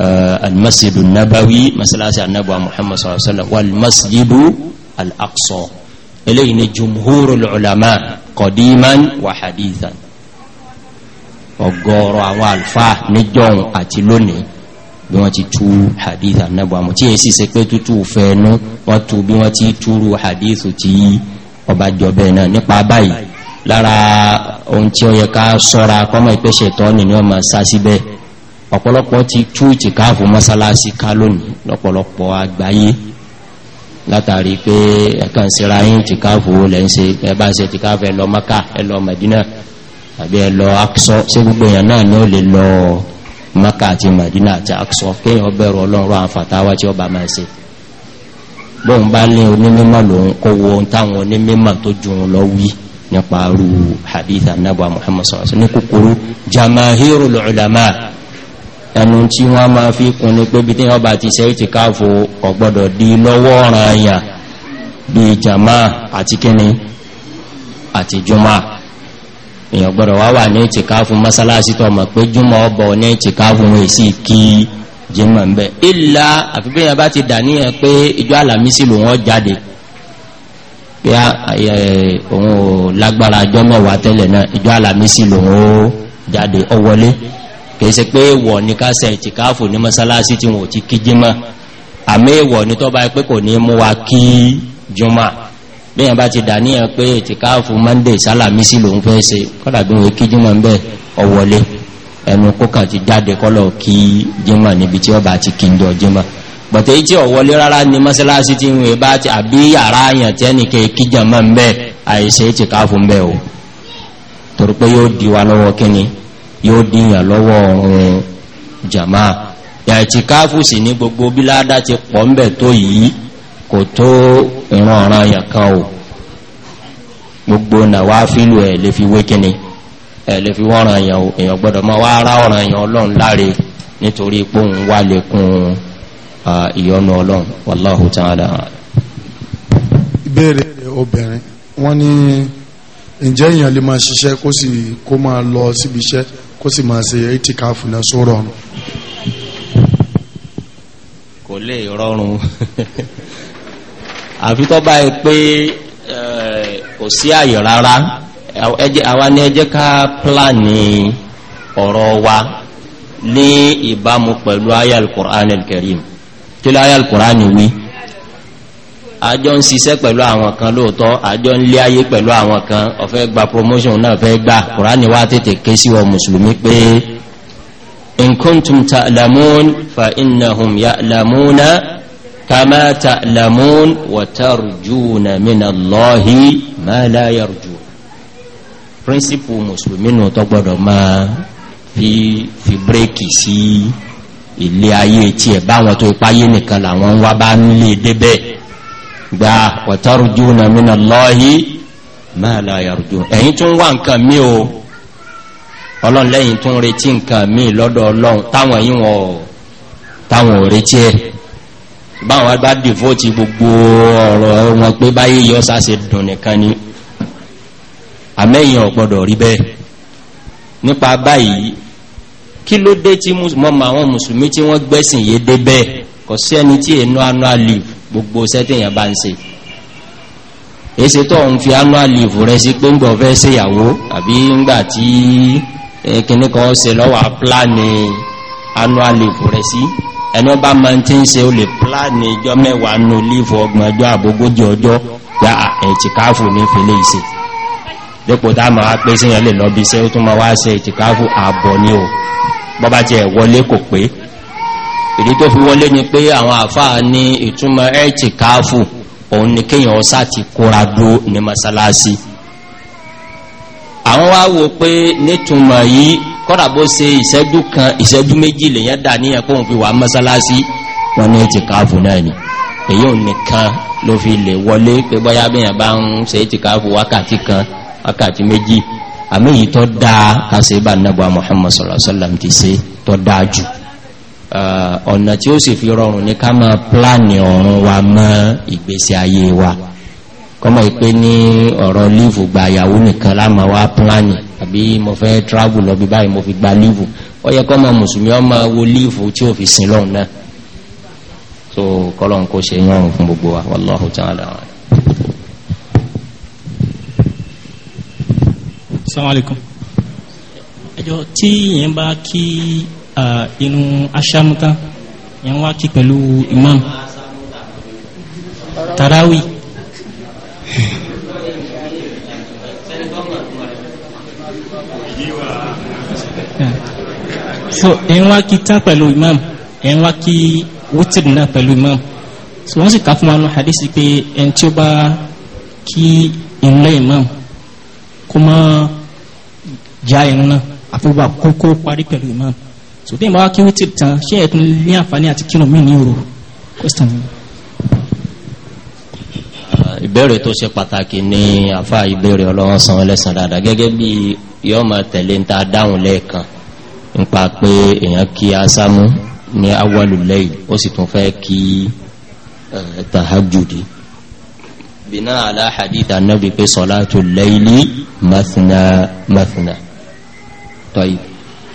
uh, almasidu nabawi masalasi anabu muhammad sallallahu alaihi wa sallam walmasidu alaqsa eléyìí ni jumhuru ulama qadiman wa hadithan ọgọ́rọ̀ àwọn alfa níjọ́ àti lónìí bí wọ́n ti tú hadith anabu àmọ́ tí èsì ṣe pé tútù fẹ́ẹ́nu wọ́n tú bí wọ́n ti túrú hadith tí ọba jọ bẹ́ẹ̀ náà nípa báyìí lára ohun tí ó yẹ ká sọ́ra kọ́mọ̀ ìpèsè tọ́ni ni wọ́n máa sá síbẹ̀ ọ̀pọ̀lọpọ̀ ti tú ìtìkáàfù mọ́sálásí ká lónìí lọ́pọ̀lọpọ̀ àgbáyé látàrí pé ẹ̀kan síra yín ìtìkáàfù lẹ́ ń ṣe ẹ̀bá ń ṣe ìtìkáàfù ẹ̀lọ maka ẹ̀lọ madina àbí ẹ̀lọ aksọ sí gbogbo èèyàn náà ni ó lè lọ maka àti madina àti aksọ kéèyàn bẹ̀rù ọlọ́run àǹfàtàwà tí ọba máa ṣe bóun bá ní onímọ̀ lòun kó wo ohun tó ju lọ wí nípa aru anabu muhammad ní kúkúrú jamahiru ulama ẹnu tí máa fi kun ni pé jama àti èyàn gbọ́dọ̀ wá wà ní ìtìkáfún masalasi tó mọ̀ pé jùmọ̀ ọbọ̀ ní ìtìkáfún wọ́n èsì kí jùmọ̀ ń bẹ́ ìlà àfibẹ́yàn bá ti dà níyàn pé ìjọ alàmísì ló wọ́n jáde pé òun ò lágbára ọjọ́ mẹ́wàá tẹ́lẹ̀ náà ìjọ alàmísì ló wọ́n jáde ọ wọlé kìí ṣe pé wọ̀ ní ká ṣe ìtìkáfún ní masalasi tí wọ́n ti kí jùmọ̀ àmì ìwọ̀ ní tọ́ bá pé kò ní mú wa kí jùmọ̀ bí yàn bá ti dà níyàn pé ìtìkáàfù monday sálámísì lòun fẹ́ ṣe kọ́dà bí wọ́n kí jímọ̀ ń bẹ́ ọ̀wọ́lé ti jáde kọ́lọ̀ kí jímọ̀ níbi tí ọba ti kí ń bọ̀tẹ̀ tí rárá ní mọ́sálásí bá àbí yàrá kẹ́ kí ń o torí pé yóò di wa lọ́wọ́ di yàn lọ́wọ́ ọ̀run jàmá sì ní gbogbo ti pọ̀ ń bẹ̀ kò tó ìran ọ̀ràn àyàn kan o gbogbo nàwa fílù ẹ̀ lè fi wé kíni ẹ̀ lè fi wọ́n ọ̀ràn àyàn o èèyàn gbọ́dọ̀ máa wá ra ọ̀ràn àyàn ọlọ́run láre nítorí pé òun wà lẹ́kùn ìyọnu ọlọ́run wàláhù tààdà. ìbéèrè obìnrin wọ́n ní ǹjẹ́ èèyàn lè máa ṣiṣẹ́ kó sì kó máa lọ síbi iṣẹ́ kó sì máa ṣe ìtìkáfù náà sórọ̀rùn kò lè rọrùn àfi tó báyìí pé kò sí àyè rárá àwa ni ẹ jẹ́ ká pílánì ọ̀rọ̀ wa ní ìbámu pẹ̀lú ayé alukur'an al-karim kí ló ayé alukur'an wí àjọ ń ṣiṣẹ́ pẹ̀lú àwọn kan lóòótọ́ àjọ ń lé ayé pẹ̀lú àwọn kan ọ̀fẹ́ gba promotion náà fẹ́ gbà kùránì wá tètè ké sí wọ mùsùlùmí pé in kuntum ta'lamun fa innahum ya'lamuna kama تألمون وترجون من الله ما لا يرجون. yarju principle muslimin no في gbọ́dọ̀ ma fi fi break sí ilé ayé tí ẹ bá wọn tó ipa ayé nìkan la wọn wá bá nle debe gba wa tarjuna min Allahi ma la yarju ẹ̀yin tún wá nǹkan mi o Ọlọ́run tún retí nǹkan mi lọ́dọ̀ Ọlọ́run táwọn yìí wọn táwọn ò retí ẹ̀ báwọn bá dìfọ́tì gbogbo ọ̀rọ̀ wọn pé báyé yọ sáṣe dùn nìkan ni àmẹ́yìn ọ̀pọ̀dọ̀ rí bẹ́ẹ̀ nípa báyìí kí ló dé tí mọ́mọ́ àwọn mùsùlùmí tí wọ́n gbẹ́sìn yé dé bẹ́ẹ̀ kò sí ẹni tí ènú annual leave gbogbo sẹ́tẹ̀yàn bá ń se èsì tó ń fi annual leave rẹ sí pé ń gbọ́ fẹ́ ṣèyàwó àbí ńgbà tí eh, kìnnìkan ṣe lọ́wọ́ apláàni annual leave rẹ sí. Si ẹni ọba ma ń tí ń se o lè pláàni ìjọ mẹ́wàá nù lífù ọgbọ̀n ọjọ́ àbógójì ọjọ́ ya ẹ̀tìkáfù ní fèlè ìsì dípò tá ma wá pé síyàn lè lọ́bí iṣẹ́ ó tún ma wá se ẹ̀tìkáfù ààbọ̀ ní o bọ́bá ti ẹ̀ wọlé kò pé ìdí tó fi wọlé ni pé àwọn àfáà ní ìtumọ̀ ẹ̀tìkáfù òun ni kéèyàn ọsá ti kóra dúró ní masalasi àwọn wá wo pé nítumọ̀ yìí kọ́dà bó ṣe ìṣẹ́jú kan ìṣẹ́jú méjì lèyàn dà ní ẹ̀kọ́ òun fi wà mọ́sálásí wọn ní ti káàfù náà ni èyí ò nìkan ló fi lè wọlé pé bọ́yá bẹ́yàn bá ń ṣe ti wákàtí kan wákàtí méjì àmì yìí tọ́ dáa kàṣe bá nàbà Muhammad sallallahu alaihi wasallam ti ṣe tọ́ dáa jù ọ̀nà tí ó sì fi rọrùn ní ká máa pláàni ọ̀run wa mọ́ ìgbésí ayé wa kọ́mọ̀ ìpé ní ọ̀rọ̀ lífù gba nìkan láàmà wá pláàni àbí mo fẹ́ travel lọ bí báyìí mo fi gba lífù ó yẹ kọ́ ma mùsùlùmí ọ ma wo lífù tí ò fi sin lọ́hùn náà so kọ́lọ́n kó ṣe yọrùn fún gbogbo wa wàláhù tààlà. sàmàlìkùn ẹjọ́ tí yẹn bá kí inú aṣámútá yẹn wá kí pẹ̀lú imam tarawih. so ẹ̀ ń wá kí tá pẹ̀lú imam ẹ̀ ń wá kí wítìrì náà pẹ̀lú imam so wọ́n sì kà fún wa nù hadisi pé ẹ̀ tí ó bá kí ìrúnlẹ̀ imam kó má já irun náà àfọwọ́bà kókó parí pẹ̀lú imam so bí ẹ̀ bá wá kí wítìrì tán ṣé ẹ̀ tún ní àǹfààní àti kírun mí ní òru question mi uh, ìbéèrè tó ṣe pàtàkì ní àfa ìbéèrè ọlọ́wọ́ san ẹlẹ́sàn dáadáa gẹ́gẹ́ bí yọ́ tẹ̀lé ń ta dáhùn lẹ́ẹ̀kan nípa pé èyàn kí asámú ní awọ́lù lẹ́yìn ó sì tún fẹ́ kí tàhájùdì bìnà ala hadith anábi pé sọ́látù layli mathna mathna tọ́yì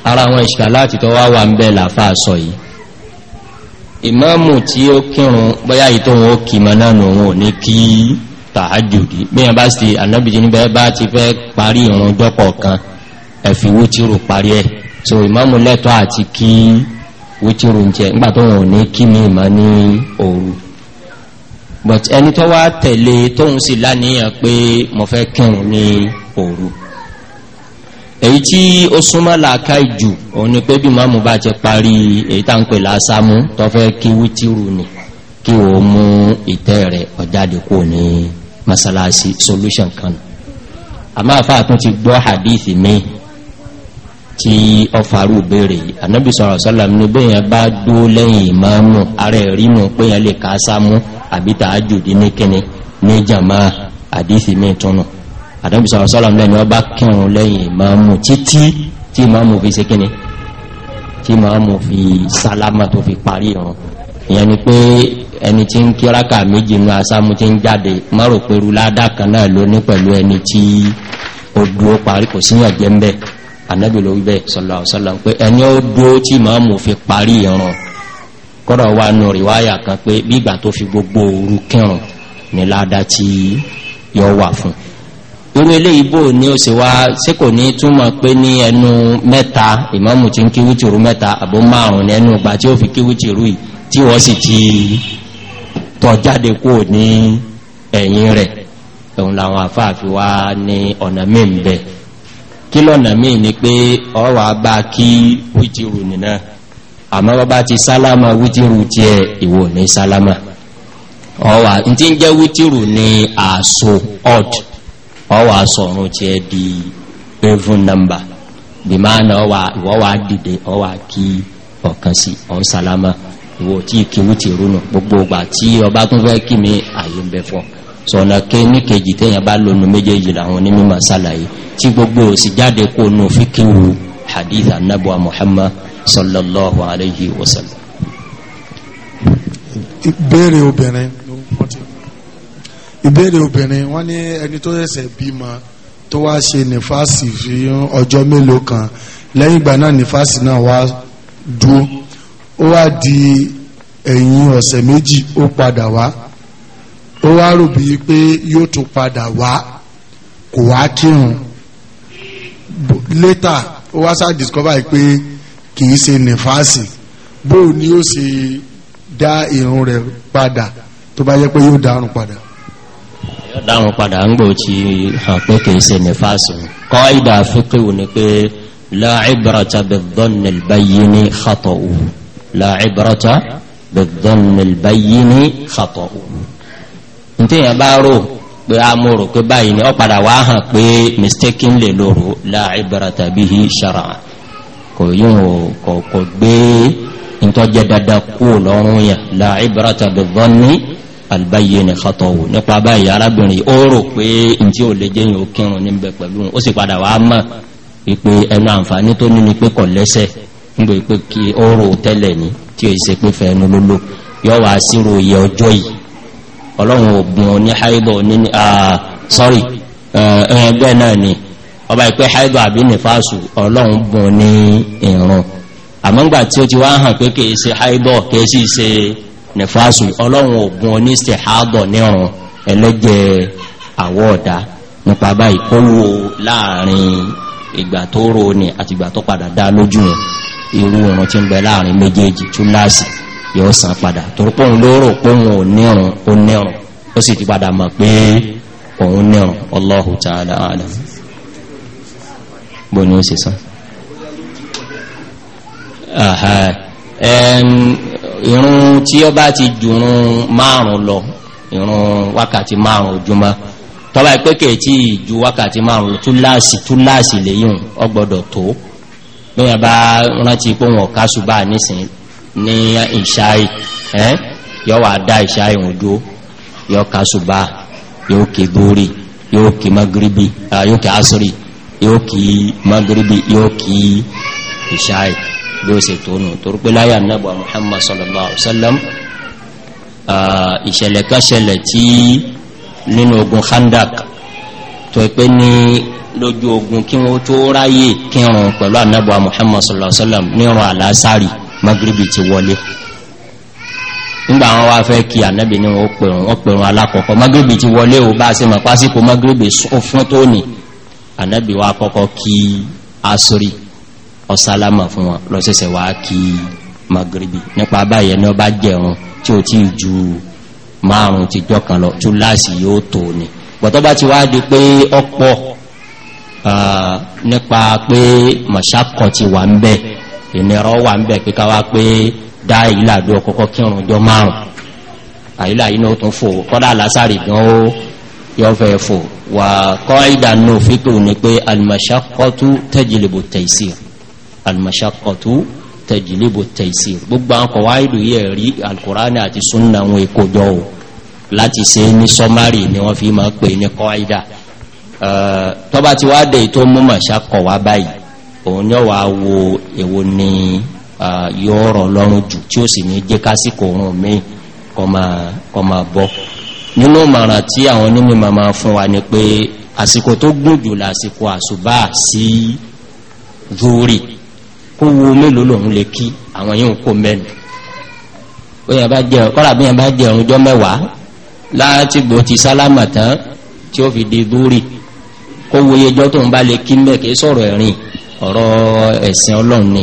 ara àwọn ìṣkà láti tọ́wà wà ń bẹ́ làfáà sọ yìí ìmáàmù tí ó kírun bóyá ìtò wọn ó kì mọ́ náà nù wọn ò ní kí tàhájùdì bí bá sì anábìjì níbẹ̀ bá ti fẹ́ parí ìrun jọ́pọ̀ kan ẹ̀fìwó tí rò parí ẹ̀ so ìmáàmù lẹ́tọ́ àti kí wítírù ń jẹ nígbà tó wọn ní kí mi ìmọ̀ ní òru but ẹni tó wá tẹ̀lé tóun sì láníyàn pé mo fẹ́ kírun ní òru èyí tí ó súnmọ́ làákà ìjù òun ni pé bí ìmáàmù bá ti parí èyí tá ń pè lásámú tó fẹ́ kí wítírù ni kí o mú ìtẹ́ rẹ̀ ọ̀jáde kò ní masalasi solution kan àmọ́ àfa àtúntì gbọ́ hadith mi tí ọfàrú bèèrè ànábì sọ̀rọ̀ sọ́lá ní bí yẹn bá dó lẹ́yìn ìmáàmù ààrẹ rínu pé yẹn lè ká sámú àbí tààjùdí ní kíni ní jàmá àdífì mẹ́tọ́nù ànábì sọ̀rọ̀ sọ́lá ní ẹni ọba kírun lẹ́yìn ìmáàmù títí tí ìmáàmù fi ṣe kíni tí ìmáàmù fi sálámà tó fi parí ìrun ìyẹn ni pé ẹni tí ń kíráka méjì nu asámú ti ń jáde má rò pé náà lóní pẹ̀lú ẹni tí odò parí kò síyàn ń bẹ́ẹ̀ ànábì ló wíbẹ̀ sọ̀lọ̀ sọ̀lọ̀ pé ẹni ó dúó tí màá mú fi parí ìran kọ́rọ̀ wa nù rìwáyà kan pé bígbà tó fi gbogbo òru kírun ní ládá tí yọ wà fún irú eléyìí bò ní ó sì wá sí kò ní túmọ̀ pé ní ẹnu mẹ́ta ìmáàmù tí ń kí mẹ́ta àbó márùn ní ẹnu ìgbà tí ó fi kí yìí tí wọ́n sì ti tọ́ jáde kúrò ní ẹ̀yìn rẹ̀ òun làwọn àfáàfi wá ní ọ̀nà mí ń bẹ́ẹ̀. kí lọ́nà míì ni pé ọwà bá kí wítírù nìna àmọ́ bá ti sálámà wítírù tí ẹ ìwò ní sálámà ọwà tí ń jẹ́ wítírù ní àṣò odd ọwà tí ẹ di even number bí máa na ọwà dìde ọwà kí ọ̀kan sí ọ̀n sálámà ìwò tí gbogbo ọgbà tí ọba tún fẹ́ kí mi àyè sọ̀nà ké ní kejì téèyàn bá lónú méjèèjì làwọn onímọ̀ sàlàyé tí gbogbo òsì jáde kó nù fíkìwù hadith anabuwa muhammad sallallahu alayhi wa sallam. ìbéèrè obìnrin ìbéèrè obìnrin wọ́n ní ẹni tó ṣẹ̀ṣẹ̀ bímọ tó wá ṣe nífàsì fi ọjọ́ mélòó kan lẹ́yìn ìgbà náà nífàsì náà wá dúró ó wá di ẹ̀yìn ọ̀sẹ̀ méjì ó padà wá ó wá rò bíi pé yóò tún padà wá kò wá kírun later ó wá sá discover pé kì í ṣe nífàsì bó o ní ó ṣe dá irun rẹ̀ padà tó bá yẹ pé yóò dárun padà yóò dárun padà ń gbò tí hàn pé kì ṣe nífàsì kọ́ ìdá fíkìwò ni pé láìbàràtà bẹ̀dọ́nì báyìí ní xatọ̀ òun láìbàràtà bẹ̀dọ́nì báyìí ní xatọ̀ òun ntí yẹn bá rò pé a mú rò pé báyìí ni ọ padà wá hàn pé mistaken lè lòrò la ibrata bihi shar'an kò yín o kò kò gbé ntọ́jẹ́ dada kú lọ́rùn yẹn la ibrata bidhanni albayyin khatawu nípa báyìí arábìnrin ó rò pé ntí ò lè jẹ́yìn òkèrùn níbẹ̀ pẹ̀lú ó sì padà wá mọ̀ wípé ẹnu àǹfààní tó ní ni pé kò lẹ́sẹ̀ nígbà pé kí ó rò tẹ́lẹ̀ ni tí ò sì pé fẹ́ ẹnu lólò yọ wá sírò iye ọjọ́ yìí ọlọ́run ògùn ní haidu nínú sorry ẹgbẹ́ náà ni ọba ìpẹ́ haidu àbí nífàásù ọlọ́run bùn ní ìrùn àmọ́ngbà tí ó ti wá hàn pé kìí ṣe haidu kìí sì ṣe nífàásù ọlọ́run ògùn ní stehado nírun ẹlẹ́jẹ̀ àwọ̀ ọ̀dá nípa báyìí kó wo láàrin ìgbà tó ro ní àti ìgbà tó padà dá lójú irú ìrùn tí ń bẹ láàrin méjèèjì túláàsì yóò san padà torípò òun ló rò pé òun ò nírun ó nírun ó sì ti padà mọ̀ pé òun nírun Allahu ta'ala alam bó ni ó ṣe san. irun tí ó bá ti jùrun márùn lọ irun wákàtí márùn ojúmọ́ tọ́ba ìpé kèétí ju wákàtí márùn lọ túláàsì túláàsì lẹ́yìn ó tó lóyìn bá rántí pé wọn ò kásù ní ìṣáì ẹ́ yọ wà dá ìṣáì wọn dúó yọ kásùbá yóò kí bórí yóò kí magribi yóò kí asiri yóò kí magribi yóò kí ìṣáì bí ó sì tónù torípé nàbà muhammad sallallahu alaihi wasallam ìṣẹ̀lẹ̀ kan ṣẹlẹ̀ tí nínú ogun khandak tó pé ní lójú ogun kí wọ́n tó ráyè kírun pẹ̀lú ànábì muhammad sallallahu alaihi wasallam nírun àlásárì magribi ti wọlé nígbà wọn wá fẹ́ kí ànábì ní wọn pèrún wọn pèrún alákọ̀ọ́kọ́ magribi ti wọlé o bá a ṣe mọ̀ pásíkò magribi fún tóní ànábì wa kọ́kọ́ kí asori ọ̀sálámà fún wọn lọ́sẹ̀sẹ̀ wá kí magribi nípa báyẹn ní ọba jẹun tí o ti ju márùn ti jọ lọ tún láàsì yóò tó ni bọ̀tọ́ bá ti wá di pé ọ̀pọ̀ ah, nípa pé mọ̀ṣákọ̀ ti wà ń bẹ́ẹ̀ ìnira wà ń bẹ̀ pé káwá pé dá ìlàdó ọkọ̀kọ́ kírun jọ márùn àyílà yìí náà tún fò kọ́dà lásàrì gan ó yọ fẹ́ fò wà kọ́ ìdáná fíkù ni pé alimasakọ́tù tẹ̀jìlìbò tẹ̀sí alimasakọ́tù tẹ̀jìlìbò tẹ̀sí gbogbo àwọn kọ̀wá ìlú rí alukurani àti sunna wọn èkó jọ o láti ṣe ní sọmárì ni wọ́n fi máa pè ní kọ́ ìdá tọ́ba ti wá dé tó mú masakọ̀ wá báyìí òun yọ́ wà wo èwo ni yọ́ọ̀rọ̀ lọ́rùn jù tí ó sì ní jẹ́ kásìkò òun mi kọ máa bọ́ nínú màrà tí àwọn onímọ̀ máa fún wa ni pé àsìkò tó gùn jù lásìkò àṣùbà sí zúrì kó wo mélòó lòun lè kí àwọn yìí ń kó mẹ́nu bóyá bá jẹ kọ́ra bí yẹn bá jẹ ọ̀rúnjọ́ mẹ́wàá láti gbò ti sálámà tán tí ó fi di zúrì kó wo iye ọjọ́ tó ń bá lè kí mẹ́kẹ́ sọ̀rọ̀ ẹ̀rìn ọ̀rọ̀ ẹ̀sìn ọlọ́run ni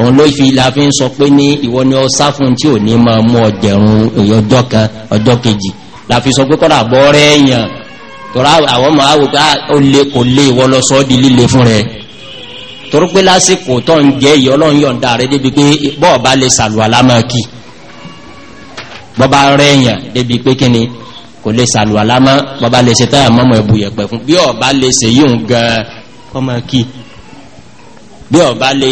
òun ló fi la ń sọ pé ní ìwọ ni ọ sá fún tí ò ní máa mú ọjẹ̀rún èyí ọjọ́ kan ọjọ́ kejì la fi sọ pé kọ́dà bọ́ rẹ̀ èèyàn tọ́ra àwọn ọmọ àwò pé ah, ó lè kò lè ìwọ lọ sọ́ di líle fún rẹ̀ torí pé lásìkò tó ń jẹ́ ìyọ́ ọlọ́run yọ̀ǹda rẹ̀ débi pé bọ́ọ̀ bá lè sàlùwàlá máa kì í bọ́bá débi pé kíni kò lè sàlùwàlá mọ́ bọ́bá lè ṣe táyà mọ́mọ́ ẹ̀bù fún bí ọ̀bá bí ọba lè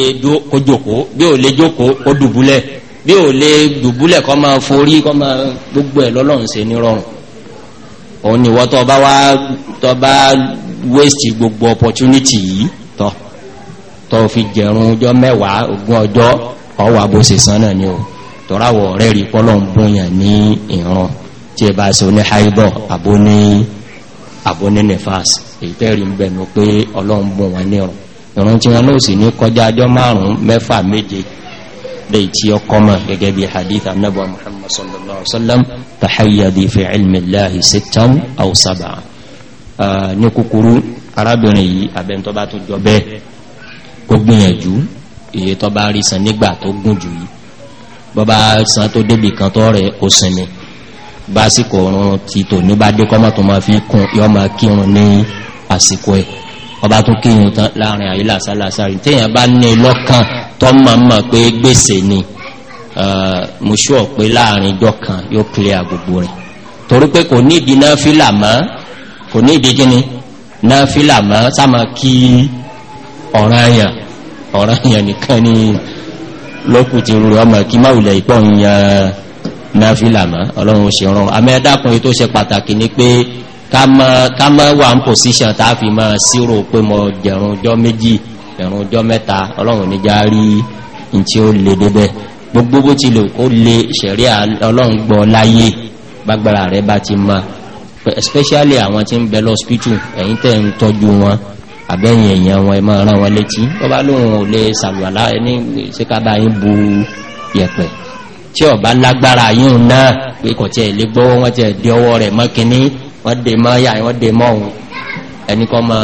kó jòkó bí ò lè jòkó kó dùbúlẹ̀ bí ò lè dùbúlẹ̀ kọ́ máa forí kọ́ máa gbogbo ẹ̀ lọ́lọ́run ṣe ní rọrùn òun ni wọ́n tọ́ bá wá waste gbogbo opportunity yìí tọ́ tọ́ fi jẹ̀rún ọjọ́ mẹ́wàá ogún ọjọ́ ọwà bó ṣe sán náà ni o tọ́ráwọ̀ rẹ̀ rí pọ́lọ̀ ń bóyàn ní ìran tí ẹ bá ṣe oní haibọ̀ àbóní àbóní nefas èyí tẹ́rì ń bẹ̀nu pé ọlọ́run bùn wọn ní ọ̀rọ̀ ìrun tí wọn náà sì ní kọjá ajọ́ márùn-ún mẹ́fà méje léyìí tí ó kọ́mọ̀ gẹ́gẹ́ bí hadith anabu muhammad sallallahu alaihi wa sallam tahayyadi fi ilmi lahi sitam aw saba ní kúkúrú arábìnrin yìí abẹ́ntọ́ bá tó jọ bẹ́ẹ̀ kó gbìyànjú iye tó bá rí san nígbà tó gùn jù yìí bọ́ bá san tó débi kan tó rẹ̀ ó sinmi básìkò ọ̀run ti tò ní bá dé kọ́mọ̀ máa fi kún yọ́ máa kírun ní àsìkò ẹ̀ ọba tún kíyàn tán láàrin àyílà sálásárì téèyàn bá ní lọ́kàn tó máa mọ̀ pé gbèsè ni uh, mo ṣú ọ pé láàrin ijọ́ kan yóò kílẹ̀ àgbègbè rẹ̀ torí pé kò ní ìdí náà fílà mọ́ kò ní ìdí kíni náà fílà mọ́ sáma kí ọ̀ranyàn ọ̀ranyàn nìkan ni lókù ti rú ọmọ kí má wulẹ̀ ìpọ̀ ń yan náà fílà mọ́ ọlọ́run ó ṣe rán amẹ́dákùnrin tó ṣe pàtàkì ni pé ká mọ́ wà ń pòsíṣàn tá fi mọ́ sírò pé mọ́ jẹ̀rùn ọjọ́ méjì jẹ̀rùn ọjọ́ mẹ́ta ọlọ́run ní já rí in tí ó lè débẹ̀ gbogbo bó ti lè kó lè ṣẹ̀rí ọlọ́run gbọ́ láyé bágbára rẹ̀ bá ti mọ́ especially àwọn tí ń bẹ lọ́spítù ẹ̀yìn tẹ́ ń tọ́jú wọn àbẹ́yìn èèyàn wọn ẹmọ́ ọ̀rán wọn létí wọ́n bá lóhun ò lè sàlùwàlá ẹni síkàbà yín bu yẹ̀pẹ̀ tí ọ̀bá lágbára yíò náà pé kọ̀ tí lè gbọ́wọ́ wọ́n ti ẹ̀dẹ́ ọwọ́ rẹ̀ mọ́kíní wọ́n dè mọ́ yà wọ́n dè mọ́ òun ẹni kọ́ mọ́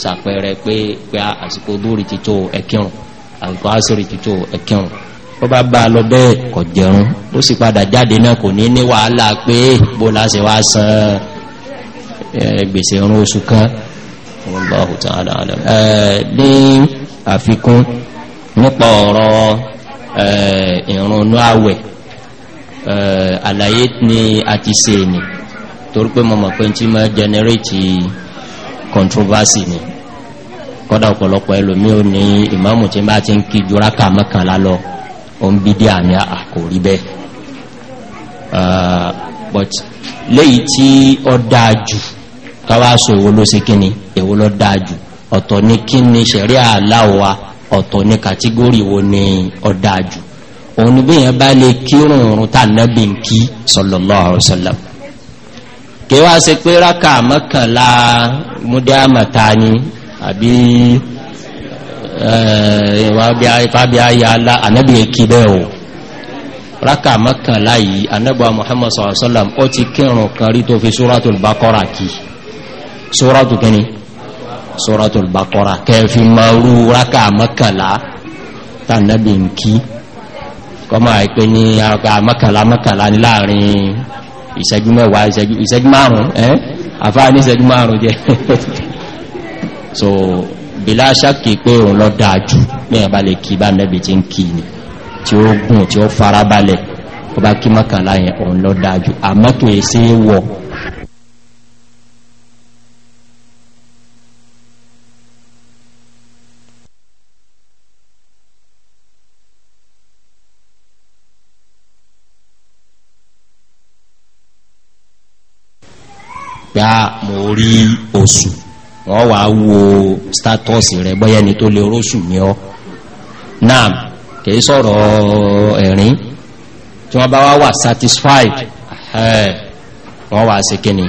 sàpẹrẹ pé pé àsìkò dúrì ti tó ẹkírun àsìkò àsìrì ti tó ẹkírun ó bá bá a lọ bẹ́ẹ̀ kọ̀ jẹun ó sì padà jáde náà kò ní ní wàhálà pé bó láṣẹ wá san gbèsè irun oṣù kan ní àfikún nípa ọ̀rọ̀ ìrùnnú àwẹ̀ àlàyé ni a ti ṣe nìí torí pé mo mọ̀ pé tí máa generate controversy ni kọ́dà ọ̀pọ̀lọpọ̀ ẹlòmíì ò ní ìmáàmù tí bá ti ń kí ju rákà mọ́kànlá lọ ó ń bí àmì àkòrí ah, ah, bẹ́ẹ̀ ah, but léyìí tí ọ dáa jù káwá sọ èwo ló ṣe kíni èwo ló dáa jù ọ̀tọ̀ ní kíni ṣẹ̀rí àláwa ọ̀tọ̀ ní kàtígórì wo ni ọ dáa jù òun ni bí yẹn bá lè kírun òrùn tá nàbì ń kí sallallahu alaihi wasallam kí wá ṣe pé rákà mọ́kànlá múdíàmọ̀ta ni àbí eh, ìfàbí ayé alá ànábì èkì bẹ́ẹ̀ o rákà mọ́kànlá yìí ànábì Muhammad sallallahu alaihi wasallam ó ti kírun kan rí tó fi suratul Baqara kí suratu kini suratul Baqara kẹfì marú rákà mọ́kànlá tànábì ń kí kọ́mọ̀ àìpé ní rákà mọ́kànlá mọ́kànlá ní láàrin ìṣẹ́jú mẹ́wàá ìṣẹ́jú márùn-ún ẹ́ àfáà ní ìṣẹ́jú márùn-ún jẹ́ so bílá ṣákì pé òun lọ dáájú mẹ́yàn bá lè kí bá nẹ́bì tí ń kí ni tí ó gùn tí ó farabalẹ̀ ó bá kí mọ́kànlá yẹn òun lọ dáájú àmọ́ kìí sí wọ̀ pé mo rí oṣù wọ́n wá wo status rẹ̀ bóyá ẹni tó lè róṣù ní ọ náà kìí sọ̀rọ̀ ẹ̀rín tí wọ́n bá wá wà satisfied wọ́n wá sí kíni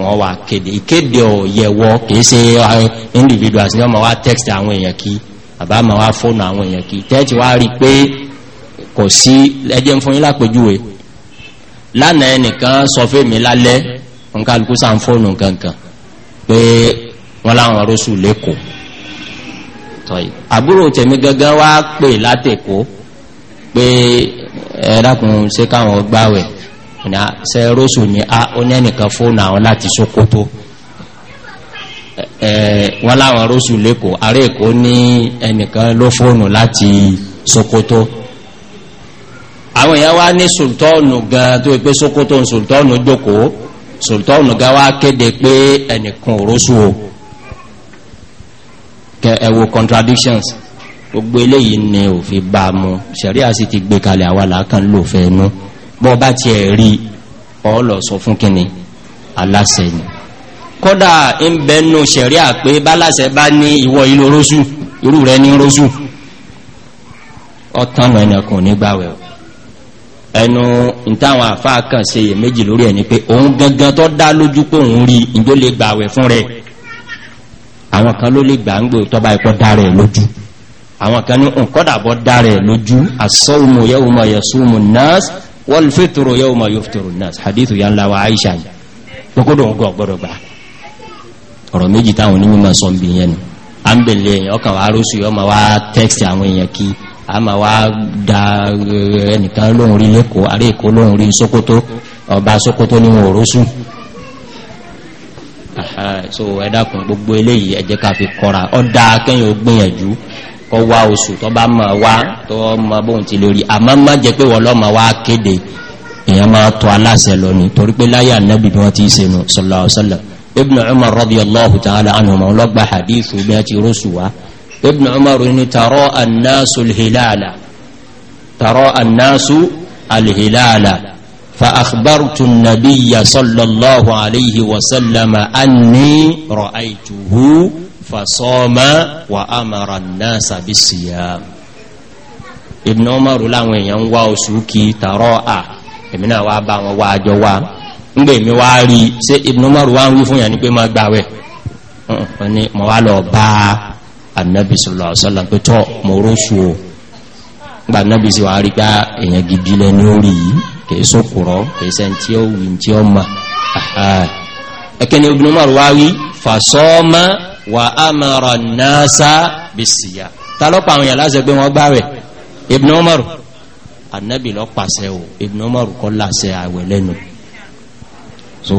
wọ́n wá kéde ìkéde ọ̀yẹ̀wọ́ kìí ṣe ah, individuals ní ọmọ wá text àwọn èèyàn kí àbá ma wá fóònù àwọn èèyàn kí tẹ́ẹ̀tì wá rí pé kò sí ẹjẹ́ fún yín lápèjúwe lánàá ẹnìkan sọ fún mi lálẹ́ nkálukú sànfóònù kankan pé wọn làwọn rọṣù lẹkọọ tọyì àbúrò tèmi gángan wá pè látẹkọ pé ẹ dákun káwọn gbàwẹ̀ ṣe rọṣù ni a ó ní ẹnìkan fóònù àwọn láti Sókótó ẹ wọn làwọn rọṣù lẹkọọ ààrẹ èkó ní ẹnìkan ló fóònù láti Sókótó àwọn èèyàn wá ní sultanu gan tó pé Sókótó sultanu jókòó sultan ga wa kéde pé ẹnìkan òrósù o kẹ ẹ wo contradictions gbogbo eléyìí ni òfin bá a mú sẹ̀ríà sì ti gbé kalẹ̀ àwa làákàn lò fẹ́ nu bọ́ bá tiẹ̀ rí ọ lọ sọ fún kínni aláṣẹ ni kódà ń bẹnu sẹ̀ríà pé báláṣẹ bá ní ìwọ ìlú rósù irú rẹ ní rósù ọ̀tàn ẹnìkan nígbà wẹ̀ o ẹnu ìtàwọn àfáà kan ṣe yẹ méjì lórí ẹni pé òun gangan tó dá lójú pé òun rí ìjó lè gbà wẹ̀ fún rẹ̀ àwọn kan ló lè gbà ń gbò tọ́ba ẹ̀kọ́ dá rẹ̀ lójú àwọn kan ní nkọ́dàbọ̀ dá rẹ̀ lójú asọ́wọ́mọ yẹ́wọ́mọ yẹ́sọ́wọ́mọ nọ́ọ̀sì wọ́n fẹ́tọ̀rọ̀ yẹ́wọ́mọ yọ́fẹ́tọ̀rọ̀ nọ́ọ̀sì hadithu aisha gbọ́ gbọ́dọ̀ gbà ọ̀rọ̀ méjì táwọn onímọ̀ yẹn a ma wá da eh, ẹnìkan lóhun rí lẹ́kọ̀ọ́ àrí èkó lóhun rí sókótó ọba sókótó ní wọn òró sùn so ẹ̀dàkùn gbogbo eléyìí ẹ̀jẹ̀ ká fi kọ́ra ọ̀dà kẹ́yìn ó gbìyànjú kọ́ wá oṣù tó bá mọ̀ wá tó mọ̀ bóhun ti lórí àmọ́ má jẹ́ pé wọ́n lọ́mọ wá kéde èèyàn máa tọ́ aláṣẹ lọ ni torí pé láyé ànábì bí wọ́n ti ṣe nù sọ̀lọ̀ sọ̀lọ̀ ibn umar radiyallahu ta'ala anhu ma ọlọ́gba hadithu bí wọ́n ti rọ́ṣù wá ibn umar ni tàrọ annasu alhilala tàrọ annasu alhilala fa akhbartu nabiyya sallallahu alayhi wa sallama anni ra'aytuhu fasoma wa amara annasa bisiyam ibn umar láwọn èèyàn wá oṣù kí tàrọ à èmi náà wá bá wọn wá àjọ wá ń mi wá rí ṣé ibn umar wá ń wí fún yàn ní pé má gbàwẹ̀ ni mo bá a annabi sallallahu alaihi wasallam pé tọ́ mọ̀róṣù o gba annabi sí wà rí pé ah, èèyàn gidi lẹ́ni orí yìí kìí sókùrọ̀ kìí sẹ́ tí ó wí tí ó ma ẹkẹni Ibn Umar wá wí fasọ́ọ́mọ́ wa amara nasa bisiya ta lọ́pàá àwọn èèyàn láṣẹ pé wọ́n gbá rẹ̀ Ibn Umar annabi lọ pàṣẹ o Ibn Umar kọ́ láṣẹ àwẹ̀ lẹ́nu so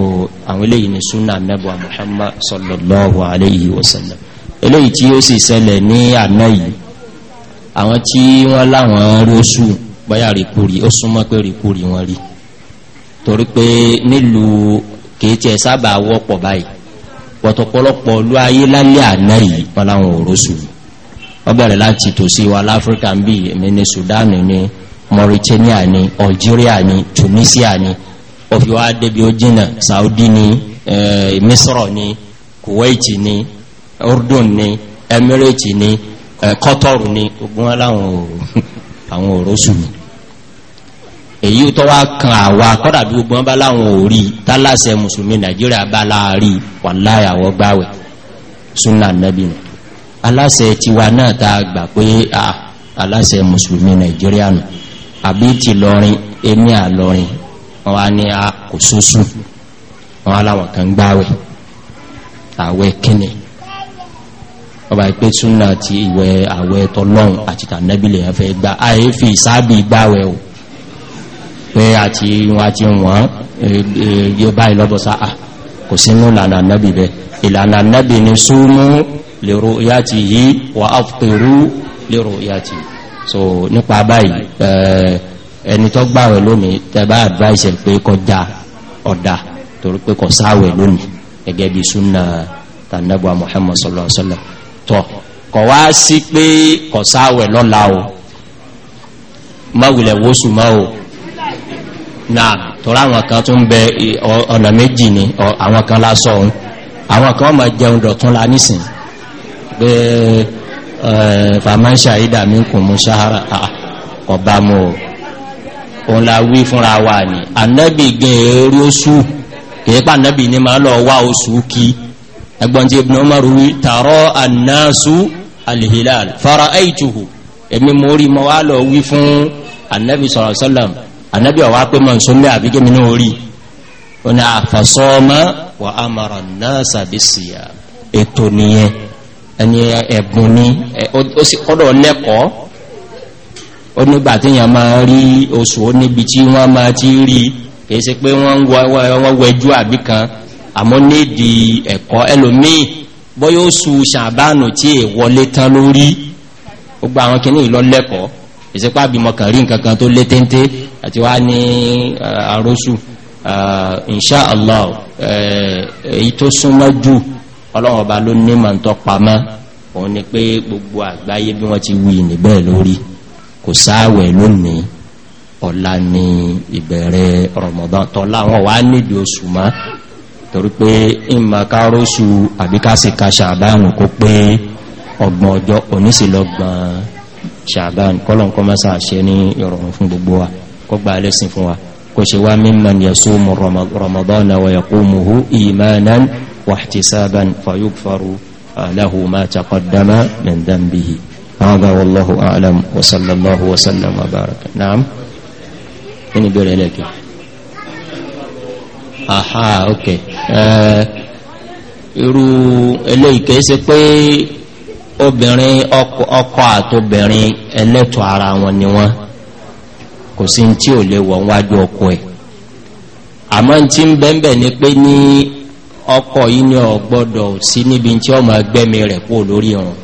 àwọn eléyìí ni sunna anabi Muhammad sallallahu alayhi wa sallam eléyìí tí ó sì ṣẹlẹ̀ ní àná yìí àwọn tí wọ́n láwọn róṣù báyà rìkúrì ó súnmọ́ pé rìkúrì wọn rí torí pé nílùú kìí tiẹ̀ sábà wọ́pọ̀ báyìí pọ̀tọ̀pọ̀lọpọ̀ ló ayé lálẹ́ àná yìí wọ́n láwọn róṣù wọ́n bẹ̀rẹ̀ láti tòsí wa láfíríkà ń bì èmi ní sudan ní mauritania ní algeria ní tunisia ní òfin wa débi ó jìnnà saudi ní eh, misrọ̀ ní kuwait ní Urdun ni Emirate ni Qatar eh, ni ogun aláwọn òòrùn àwọn òrósù ni èyí tó wá kan àwa kọ́dà bí gbogbo bá láwọn òrí tálàṣẹ mùsùlùmí Nàìjíríà bá láàrí wà láyàwó gbáwẹ̀ súnà nẹ́bì nù aláṣẹ tiwa náà ta gbà pé aláṣẹ mùsùlùmí Nàìjíríà nù àbí ti lọrin èmi àlọrin wọn wá ní a kò sósù wọn wá láwọn kan gbáwẹ̀ àwẹ̀ kínní ọba ìpé súnà ti ìwẹ̀ àwẹ̀ tọ́lọ́run àti tànẹ́bílẹ̀ ẹ̀fẹ́ gba àyè fi ìsáàbì gbáwẹ̀ o pé àti wọn àti e, wọn e, yóò báyìí lọ́bọ̀ sáà kò sínú ìlànà nẹ́bì bẹ ìlànà nẹ́bì ni súnmú lèrò yàtì yìí wà á pèrú lèrò yàtì so nípa báyìí e, ẹni tó gbáwẹ̀ lónìí tẹ́bá advice pé kọjá ọ̀dà torí pé kọ sáwẹ̀ lónìí gẹ́gẹ́ bí súnà tànẹ́bù Muhammad sallallahu alaihi wasallam tọ̀ kọ̀ wá sí pé kọ̀ sáwẹ̀ lọ́la o máwùlẹ̀ wóṣù máa o na tọ́lá àwọn kan tún bẹ ọ̀nà méjì ni àwọn kan lásọ òun àwọn kan máa jẹun dọ̀tún la nísìn pé fàmáṣà ìdàmí kò mú sáárà ọba mu o òun la wí fúnra wa ni anabi gẹ̀ẹ́rú kìí pa anabi ni máa lọ wá oṣù kìí ẹgbọ́n tí ibn Umar wí tààrọ annasu alhilal fara aituhu èmi mo rí mo wá lọ wí fún anabi sallallahu alaihi wasallam anabi ọ̀wá pé mọ̀ nsọ́lẹ̀ àbíkẹ́ mi náà rí ó ní àfàsọ́ọ́mà wà amara an-nasa bis-siyam ètò nìyẹn ẹni ẹ̀bùn ni ó sì kọ́dọ̀ lẹ́kọ̀ọ́ ó nígbà tí yàn máa rí oṣù ó níbi tí wọ́n máa ti rí kìí ṣe pé wọ́n wẹ́jú àbí kan àmọ́ di ẹ̀kọ́ ẹlòmíì bọ́yọ́ oṣù ṣàbánù tí è wọlé tán lórí gbogbo àwọn kìíní ìlọ́lẹ́kọ̀ọ́ ìsẹ́pá bímọ kàrí nkankan tó lé téńté àti wá ní eh, àrósù eh, insha Allah eh, èyí tó súnmọ́ jù ọlọ́wọ̀n ọba ló ní màá tọ́ pamọ́ òun ni pé gbogbo àgbáyé bí wọ́n ti wí níbẹ̀ lórí kò sáàwẹ̀ lónìí ọ̀la ni ìbẹ̀rẹ̀ Ramadan tọ́lá wọn wá nídìí oṣù mọ́ torí pé ìmọ̀ káróṣù àbíkásí ka ṣàbáhùn kó pé ọgbọ̀n ọjọ́ oníṣìlọ́gbọ̀n ṣàbáhùn kọ́lọ̀n kọ́ mọ́sá ṣe ní ìrọ̀rùn fún gbogbo wa kó gba ẹlẹ́sìn fún wa kó ṣe wá mímọ̀ ní ẹ̀sùn mọ̀ rọmọdọ́nà wọ̀yẹ̀kúmuhu ìmọ̀nan wàhtisaban fayúkfaru aláhùmá takọ̀dámá mẹ́ndánbíhi هذا والله أعلم وصلى الله وسلم وبارك نعم إني بير إليك أها أوكي Eh, irú eléyìí kìí ṣe pé obìnrin ọkọ àtobìnrin ẹlẹ́tọ̀ ara wọn ni wọn kò sí tí ò lè wọ̀ wájú ọkọ ẹ̀ àmọ́ tí ń ni pé ní ọkọ yìí ni ọ gbọ́dọ̀ sí níbi tí ọmọ mi rẹ̀ kú lórí ọ̀run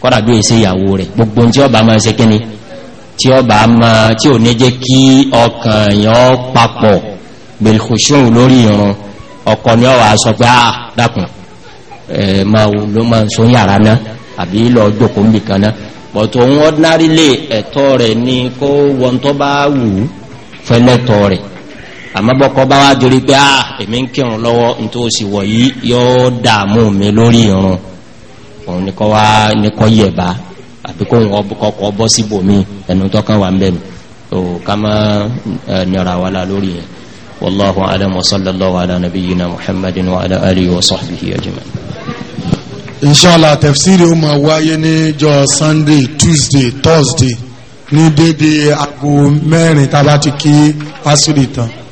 kọ́dà bí èsì ìyàwó rẹ̀ gbogbo tí ọba máa ṣe kíni tí ọba máa tí ò ní jẹ́ kí ọkàn yẹn papọ̀ bẹ̀rẹ̀ lórí ọ̀run ọkọ̀ ni ọwà sọ pé àà ah, dákùn ma ló ma sọ yàrá náà àbí lọ jòkó ń bì kan náà but òun lè ẹ̀tọ́ rẹ̀ ni kó wọn tó bá wù ú fẹ́lẹ́tọ̀ rẹ̀ àmọ́bọ́kọ́ bá wá pé a ah, èmi lọ́wọ́ sì yóò dààmú mi lórí irun òun ni wá ní kọ́ bá àbí kó kọ́kọ́ bọ́ síbòmí ẹnu tọ́kàn wà والله أعلم وصلى الله على نبينا محمد وعلى آله وصحبه أجمعين inshallah tafsiri ó máa wáyé ní jọ́ sunday tuesday thursday ní dédé aago mẹ́rin tá a bá ti kí asúrì tán